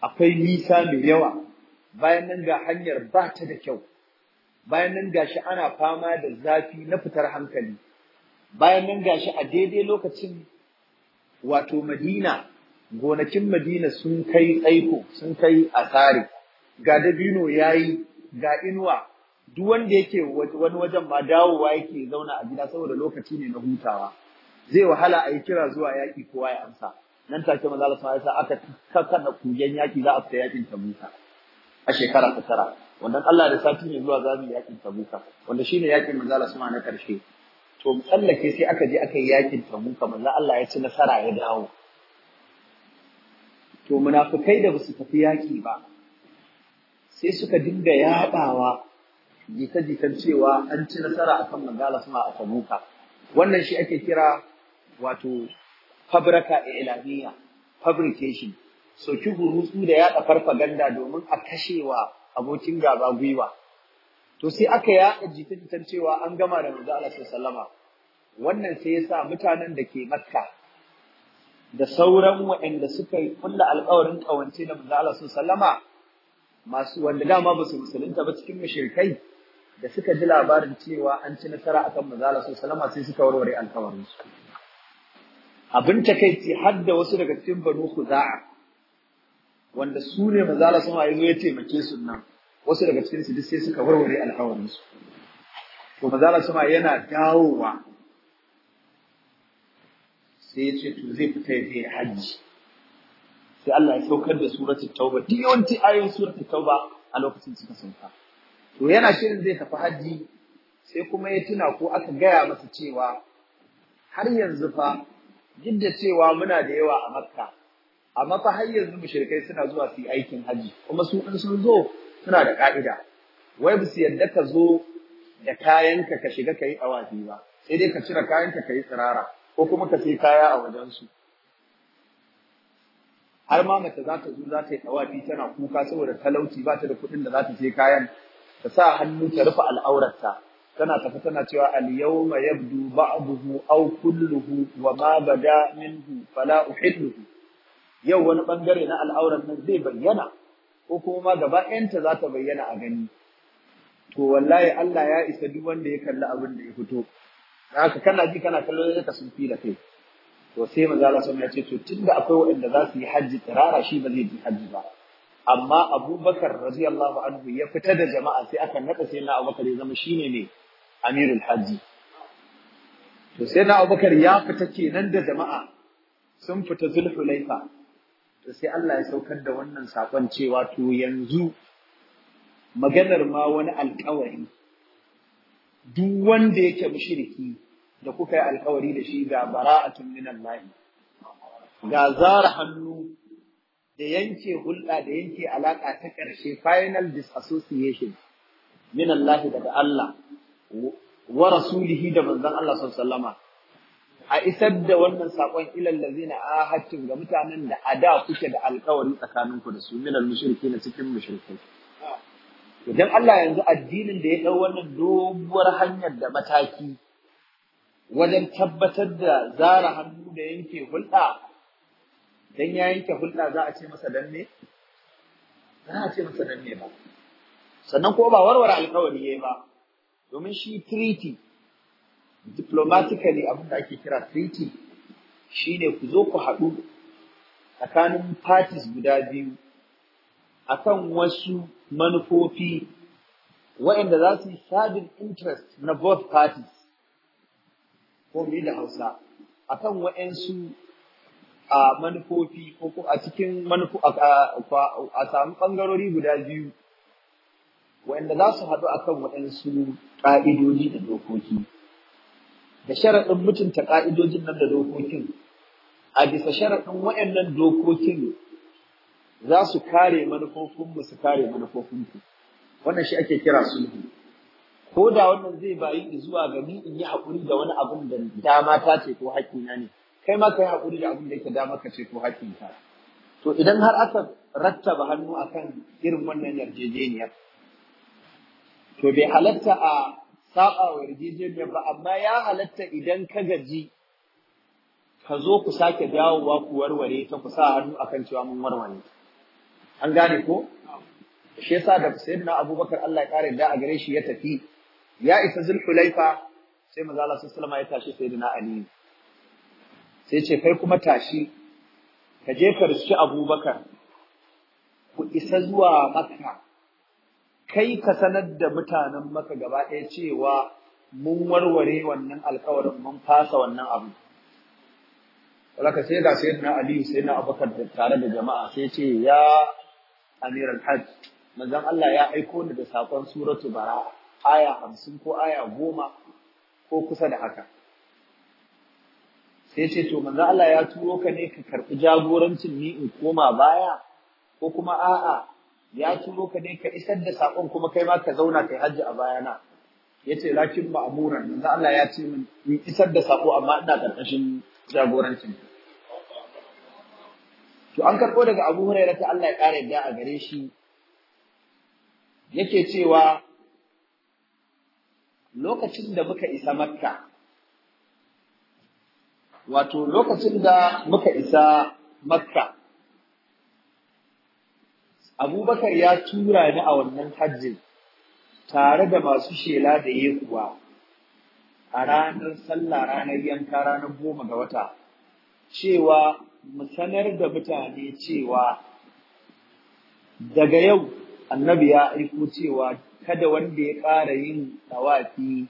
akwai nisa mai yawa bayan nan ga hanyar ba ta da kyau bayan nan gashi ana fama da zafi na fitar hankali bayan nan gashi a daidai lokacin wato Madina gonakin Madina sun kai tsaiko sun kai asari ga dabino yi. ga inuwa duk wanda yake wani wajen ma dawowa yake zauna a gida saboda lokaci ne na hutawa zai wahala a yi kira zuwa yaƙi kowa ya amsa nan take maza Allah sallallahu alaihi aka na kujen yaƙi za a fita yaƙin Tabuka a shekara ta tara wanda Allah da sati ne zuwa za mu yi yaƙin Tabuka wanda shine yaƙin maza Allah sallallahu na ƙarshe, to tsallake sai aka je aka yi yaƙin Tabuka maza Allah ya ci nasara ya dawo to munafukai da basu tafi yaki ba sai suka dinga yabawa jita-jitan cewa an ci nasara akan magala suna a tabuka wannan shi ake kira wato fabrika ilaniya fabrication Sauki gurutsu da yaɗa farfaganda domin a kashewa abokin gaba gwiwa to sai aka yaɗa jita-jitan cewa an gama da manzo sallama wannan sai yasa mutanen da ke Makka da sauran waɗanda suka yi kulla alƙawarin ƙawance da manzo Allah sallama masu wanda dama ba su musulunta ba cikin mushrikai da suka ji labarin cewa an ci nasara akan manzo Allah sallama sai suka warware alƙawarin su abin takeici har da wasu daga cikin banu khuza'a wanda su ne manzo Allah sallama yazo ya taimake su nan wasu daga cikin su duk sai suka warware alƙawarin su to manzo Allah yana dawowa sai ya ce to zai fita ya yi hajji sai Allah ya saukar da suratul tauba duk yawanci ayoyin suratul tauba a lokacin suka sauka to yana shirin zai tafi hajji sai kuma ya tuna ko aka gaya masa cewa har yanzu fa duk cewa muna da yawa a makka amma fa har yanzu mushrikai suna zuwa su yi aikin hajji kuma su in sun zo suna da ka'ida wai ba su yadda ka zo da kayanka ka shiga ka yi awafi ba sai dai ka cire kayanka ka yi tsirara ko kuma ka sai kaya a wajensu har ma mace za ta zo za ta yi tawafi tana kuka saboda talauci ba ta da kuɗin da za ta sai kayan ta sa hannu ta rufe al'aurarta tana tafi tana cewa al-yawma yabdu ba'dahu aw kulluhu wa ma bada minhu fala uhidduhu yau wani bangare na al'auran nan zai bayyana ko kuma ma gaba ɗayanta za ta bayyana a gani to wallahi Allah ya isa duk wanda ya kalli abin da ya fito haka kana ji kana kallo sai ka sunfi da kai to sai manzo Allah sun ya ce to tunda akwai waɗanda za su yi hajji tsirara shi ba zai yi hajji ba amma Abubakar radiyallahu anhu ya fita da jama'a sai aka nada sai na Abubakar ya zama shine ne amirul hajji to sai na ya fita kenan da jama'a sun fita zulhulaifa to sai Allah ya saukar da wannan sakon cewa to yanzu maganar ma wani alƙawari duk wanda yake mushriki da kuka yi alkawari da shi ga bara'atun min Allah ga zara hannu da yanke hulɗa da yanke alaƙa ta ƙarshe final disassociation min Allah daga Allah wa rasulihi da manzon Allah sallallahu a isar da wannan sakon ilal lazina ahadtum ga mutanen da ada kuke da alkawari tsakaninku da su minal na cikin mushrikai idan Allah yanzu addinin da ya dau wannan doguwar hanyar da mataki wajen tabbatar da zara hannu da yanke hulɗa don ya yanke hulɗa za a ce masa danne za a ce masa danne ba sannan ko ba warware alkawari yayi ba domin shi treaty diplomatically abin da ake kira treaty ne ku zo ku haɗu tsakanin parties guda biyu akan wasu manufofi waɗanda za su yi sabin interest na both parties ko mu da Hausa akan waɗansu a manufofi ko a cikin manufo a samu ɓangarori guda biyu wanda za su haɗu akan waɗansu ƙa'idoji da dokoki da sharaɗin mutunta ƙa'idojin nan da dokokin a bisa sharaɗin waɗannan dokokin za su kare manufofinmu su kare manufofinku wannan shi ake kira sulhu ko da wannan zai bayi zuwa ga ni in yi hakuri da wani abin da dama ta ce ko na ne kai ma kai haƙuri da abin da yake dama ka ce ko ka to idan har aka rattaba hannu akan irin wannan yarjejeniyar to bai halatta a saba wa yarjejeniyar ba amma ya halatta idan ka gaji ka zo ku sake dawowa ku warware ta ku sa hannu akan cewa mun warware an gane ko shi yasa da sayyidina abubakar Allah ya kare da a gare shi ya tafi ya isa zulhulaifa sai manzo Allah sallallahu alaihi ya tashi sayyidina Ali sai ce kai kuma tashi ka je ka rishi Abubakar ku isa zuwa Makka kai ka sanar da mutanen maka gaba ɗaya cewa mun warware wannan alkawarin mun fasa wannan abu ka sai ga sayyidina Ali sai na Abubakar da tare da jama'a sai ce ya Amir hajj manzon Allah ya aiko ni da sakon suratu Bara'a aya hamsin ko aya goma ko kusa da haka sai ce to manzan Allah ya turo ka ne ka karɓi jagorancin ni in koma baya ko kuma a'a ya turo ka ne ka isar da saƙon kuma kai ma ka zauna kai hajji a bayana ce lakin ma'amuran, manzan Allah ya ce min in isar da saƙo amma ina ƙarƙashin jagorancin to an karɓo daga Abu Hurairah ta Allah ya ƙara da a gare shi yake cewa lokacin da muka isa makka wato lokacin da muka isa makka abubakar ya tura ni a wannan hajjin tare da masu shela da ya kuwa a ranar sallah ranar yanka ranar goma ga wata cewa mu sanar da mutane cewa daga yau annabi ya aiko cewa kada wanda ya ƙara yin tawafi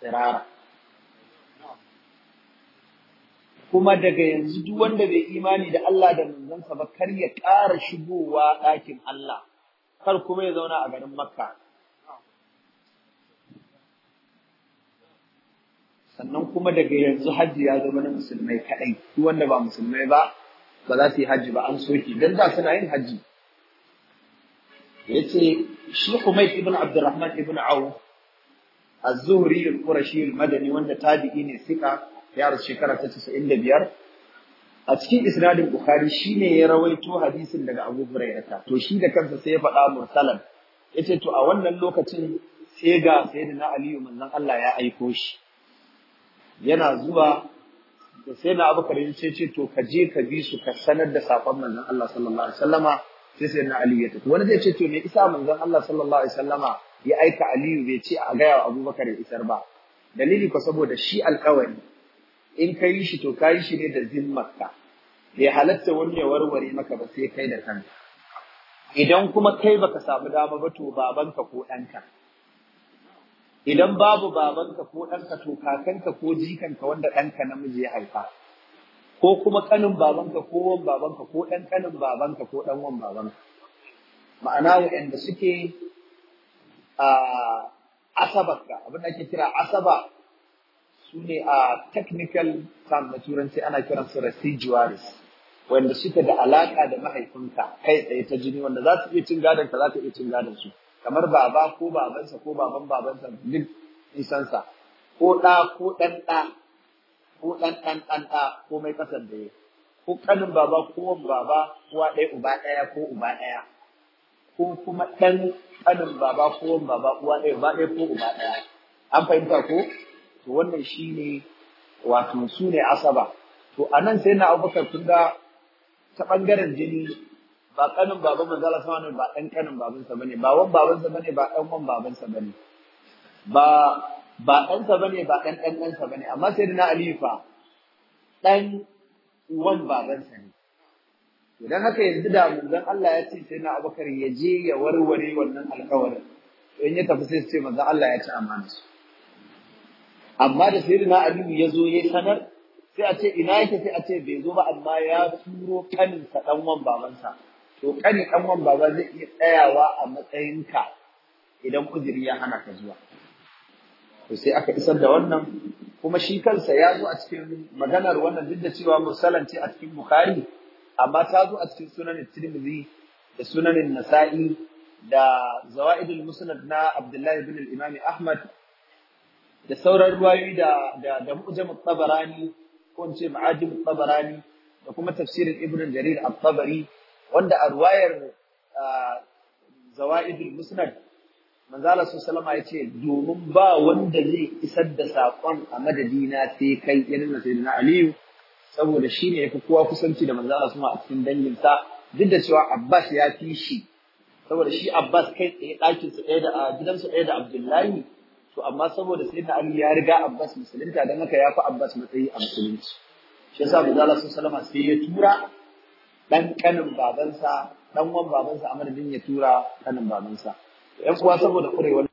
tsirara. Kuma daga yanzu duk wanda bai imani da Allah da manzansa ba kar ya ƙara shigowa ɗakin Allah, kar kuma ya zauna a garin Makka. Sannan kuma daga yanzu hajji ya zama na musulmai kaɗai, duk wanda ba musulmai ba, ba za su yi hajji ba an soke, don su suna yin hajji. Ya ce, shi Humayd ibn Abdurrahman ibn Auf az-Zuhri al-Qurashi al-Madani wanda tabi'i ne sika ya rasu shekara ta 95 a cikin isnadin Bukhari shine ya rawaito hadisin daga Abu Hurairah to shi da kansa sai ya faɗa mursalan yace to a wannan lokacin sai ga sayyidina Ali manzon Allah ya aiko shi yana zuwa da sayyidina Abu Bakar yace to kaje ka bi su ka sanar da sakon manzon Allah sallallahu alaihi wasallama sai sai na Ali ya tafi wani zai ce to me isa manzon Allah sallallahu alaihi wasallama ya aika Aliyu bai ce a gaya wa Abubakar ya isar ba dalili ko saboda shi alƙawari in ka yi shi to ka yi shi ne da zimmarka bai halatta wani ya warware maka ba sai kai da kanka idan kuma kai baka samu dama ba to babanka ko ɗanka idan babu babanka ko ɗanka to kakanka ko jikanka wanda ɗanka namiji ya haifa ko kuma kanin babanka ko wan babanka ko ɗan kanin babanka ko dan wan babanka ma'ana waɗanda suke a asabarka abin da ake kira asaba su ne a technical term na turanci ana su residuaries wanda suke da alaƙa da mahaifinka kai tsaye ta jini wanda za su iya cin gadon ka za ka iya cin gadon su kamar baba ko babansa ko baban babansa duk nisansa ko ɗa ko ɗan ɗa ko ɗan ɗan ɗan ɗa ko mai ƙasar da ya ko ƙanin baba ko wani baba uwa ɗaya uba ɗaya ko uba ɗaya ko kuma ɗan ƙanin baba ko wani baba uwa ɗaya uba ɗaya ko uba ɗaya an fahimta ko to wannan shi ne wato su ne asaba to a nan sai na abubakar kun ga ta ɓangaren jini ba ƙanin baban manzala sama ne ba ɗan ƙanin babansa ne ba wani babansa ne ba ɗan wani babansa bane ba ba ɗansa ba ne ba ɗan ɗan ɗansa ba amma sai na alifa ɗan uwan babansa ne idan haka yanzu da manzon Allah ya ce sai na abubakar ya je ya warware wannan alkawarin in ya tafi sai ce manzon Allah ya ci amana amma da sai na alifu ya zo ya sanar sai a ce ina yake sai a ce bai zo ba amma ya turo kaninsa ɗan wan babansa to kani ɗan wan baba zai iya tsayawa a matsayinka idan kujiri ya hana ka zuwa to sai aka isar da wannan kuma shi kansa ya zo a cikin maganar wannan duk da cewa mursalan ce a cikin bukhari amma ta zo a cikin sunanin tirmidhi da sunanin nasa'i da zawa'idul musnad na abdullahi ibn al-imam ahmad da sauran ruwayoyi da da, da mu'jam tabarani ko in ce ma'ajim tabarani da kuma tafsirin ibn jarir at-tabari wanda a ruwayar ah, zawa'idul musnad manzala su salama ya ce domin ba wanda zai isar da saƙon a madadina sai kai ya da sai na aliyu saboda shi ne ya fi kowa kusanci da manzala ma a cikin danginsa duk da cewa abbas ya fi shi saboda shi abbas kai tsaye ɗakinsa ɗaya da su ɗaya da abdullahi to amma saboda sai na aliyu ya riga abbas musulunta don haka ya fi abbas matsayi a musulunci shi yasa manzala su salama sai ya tura ɗan ƙanin babansa ɗan wan babansa a madadin ya tura kanin babansa. yan uwa saboda kurewar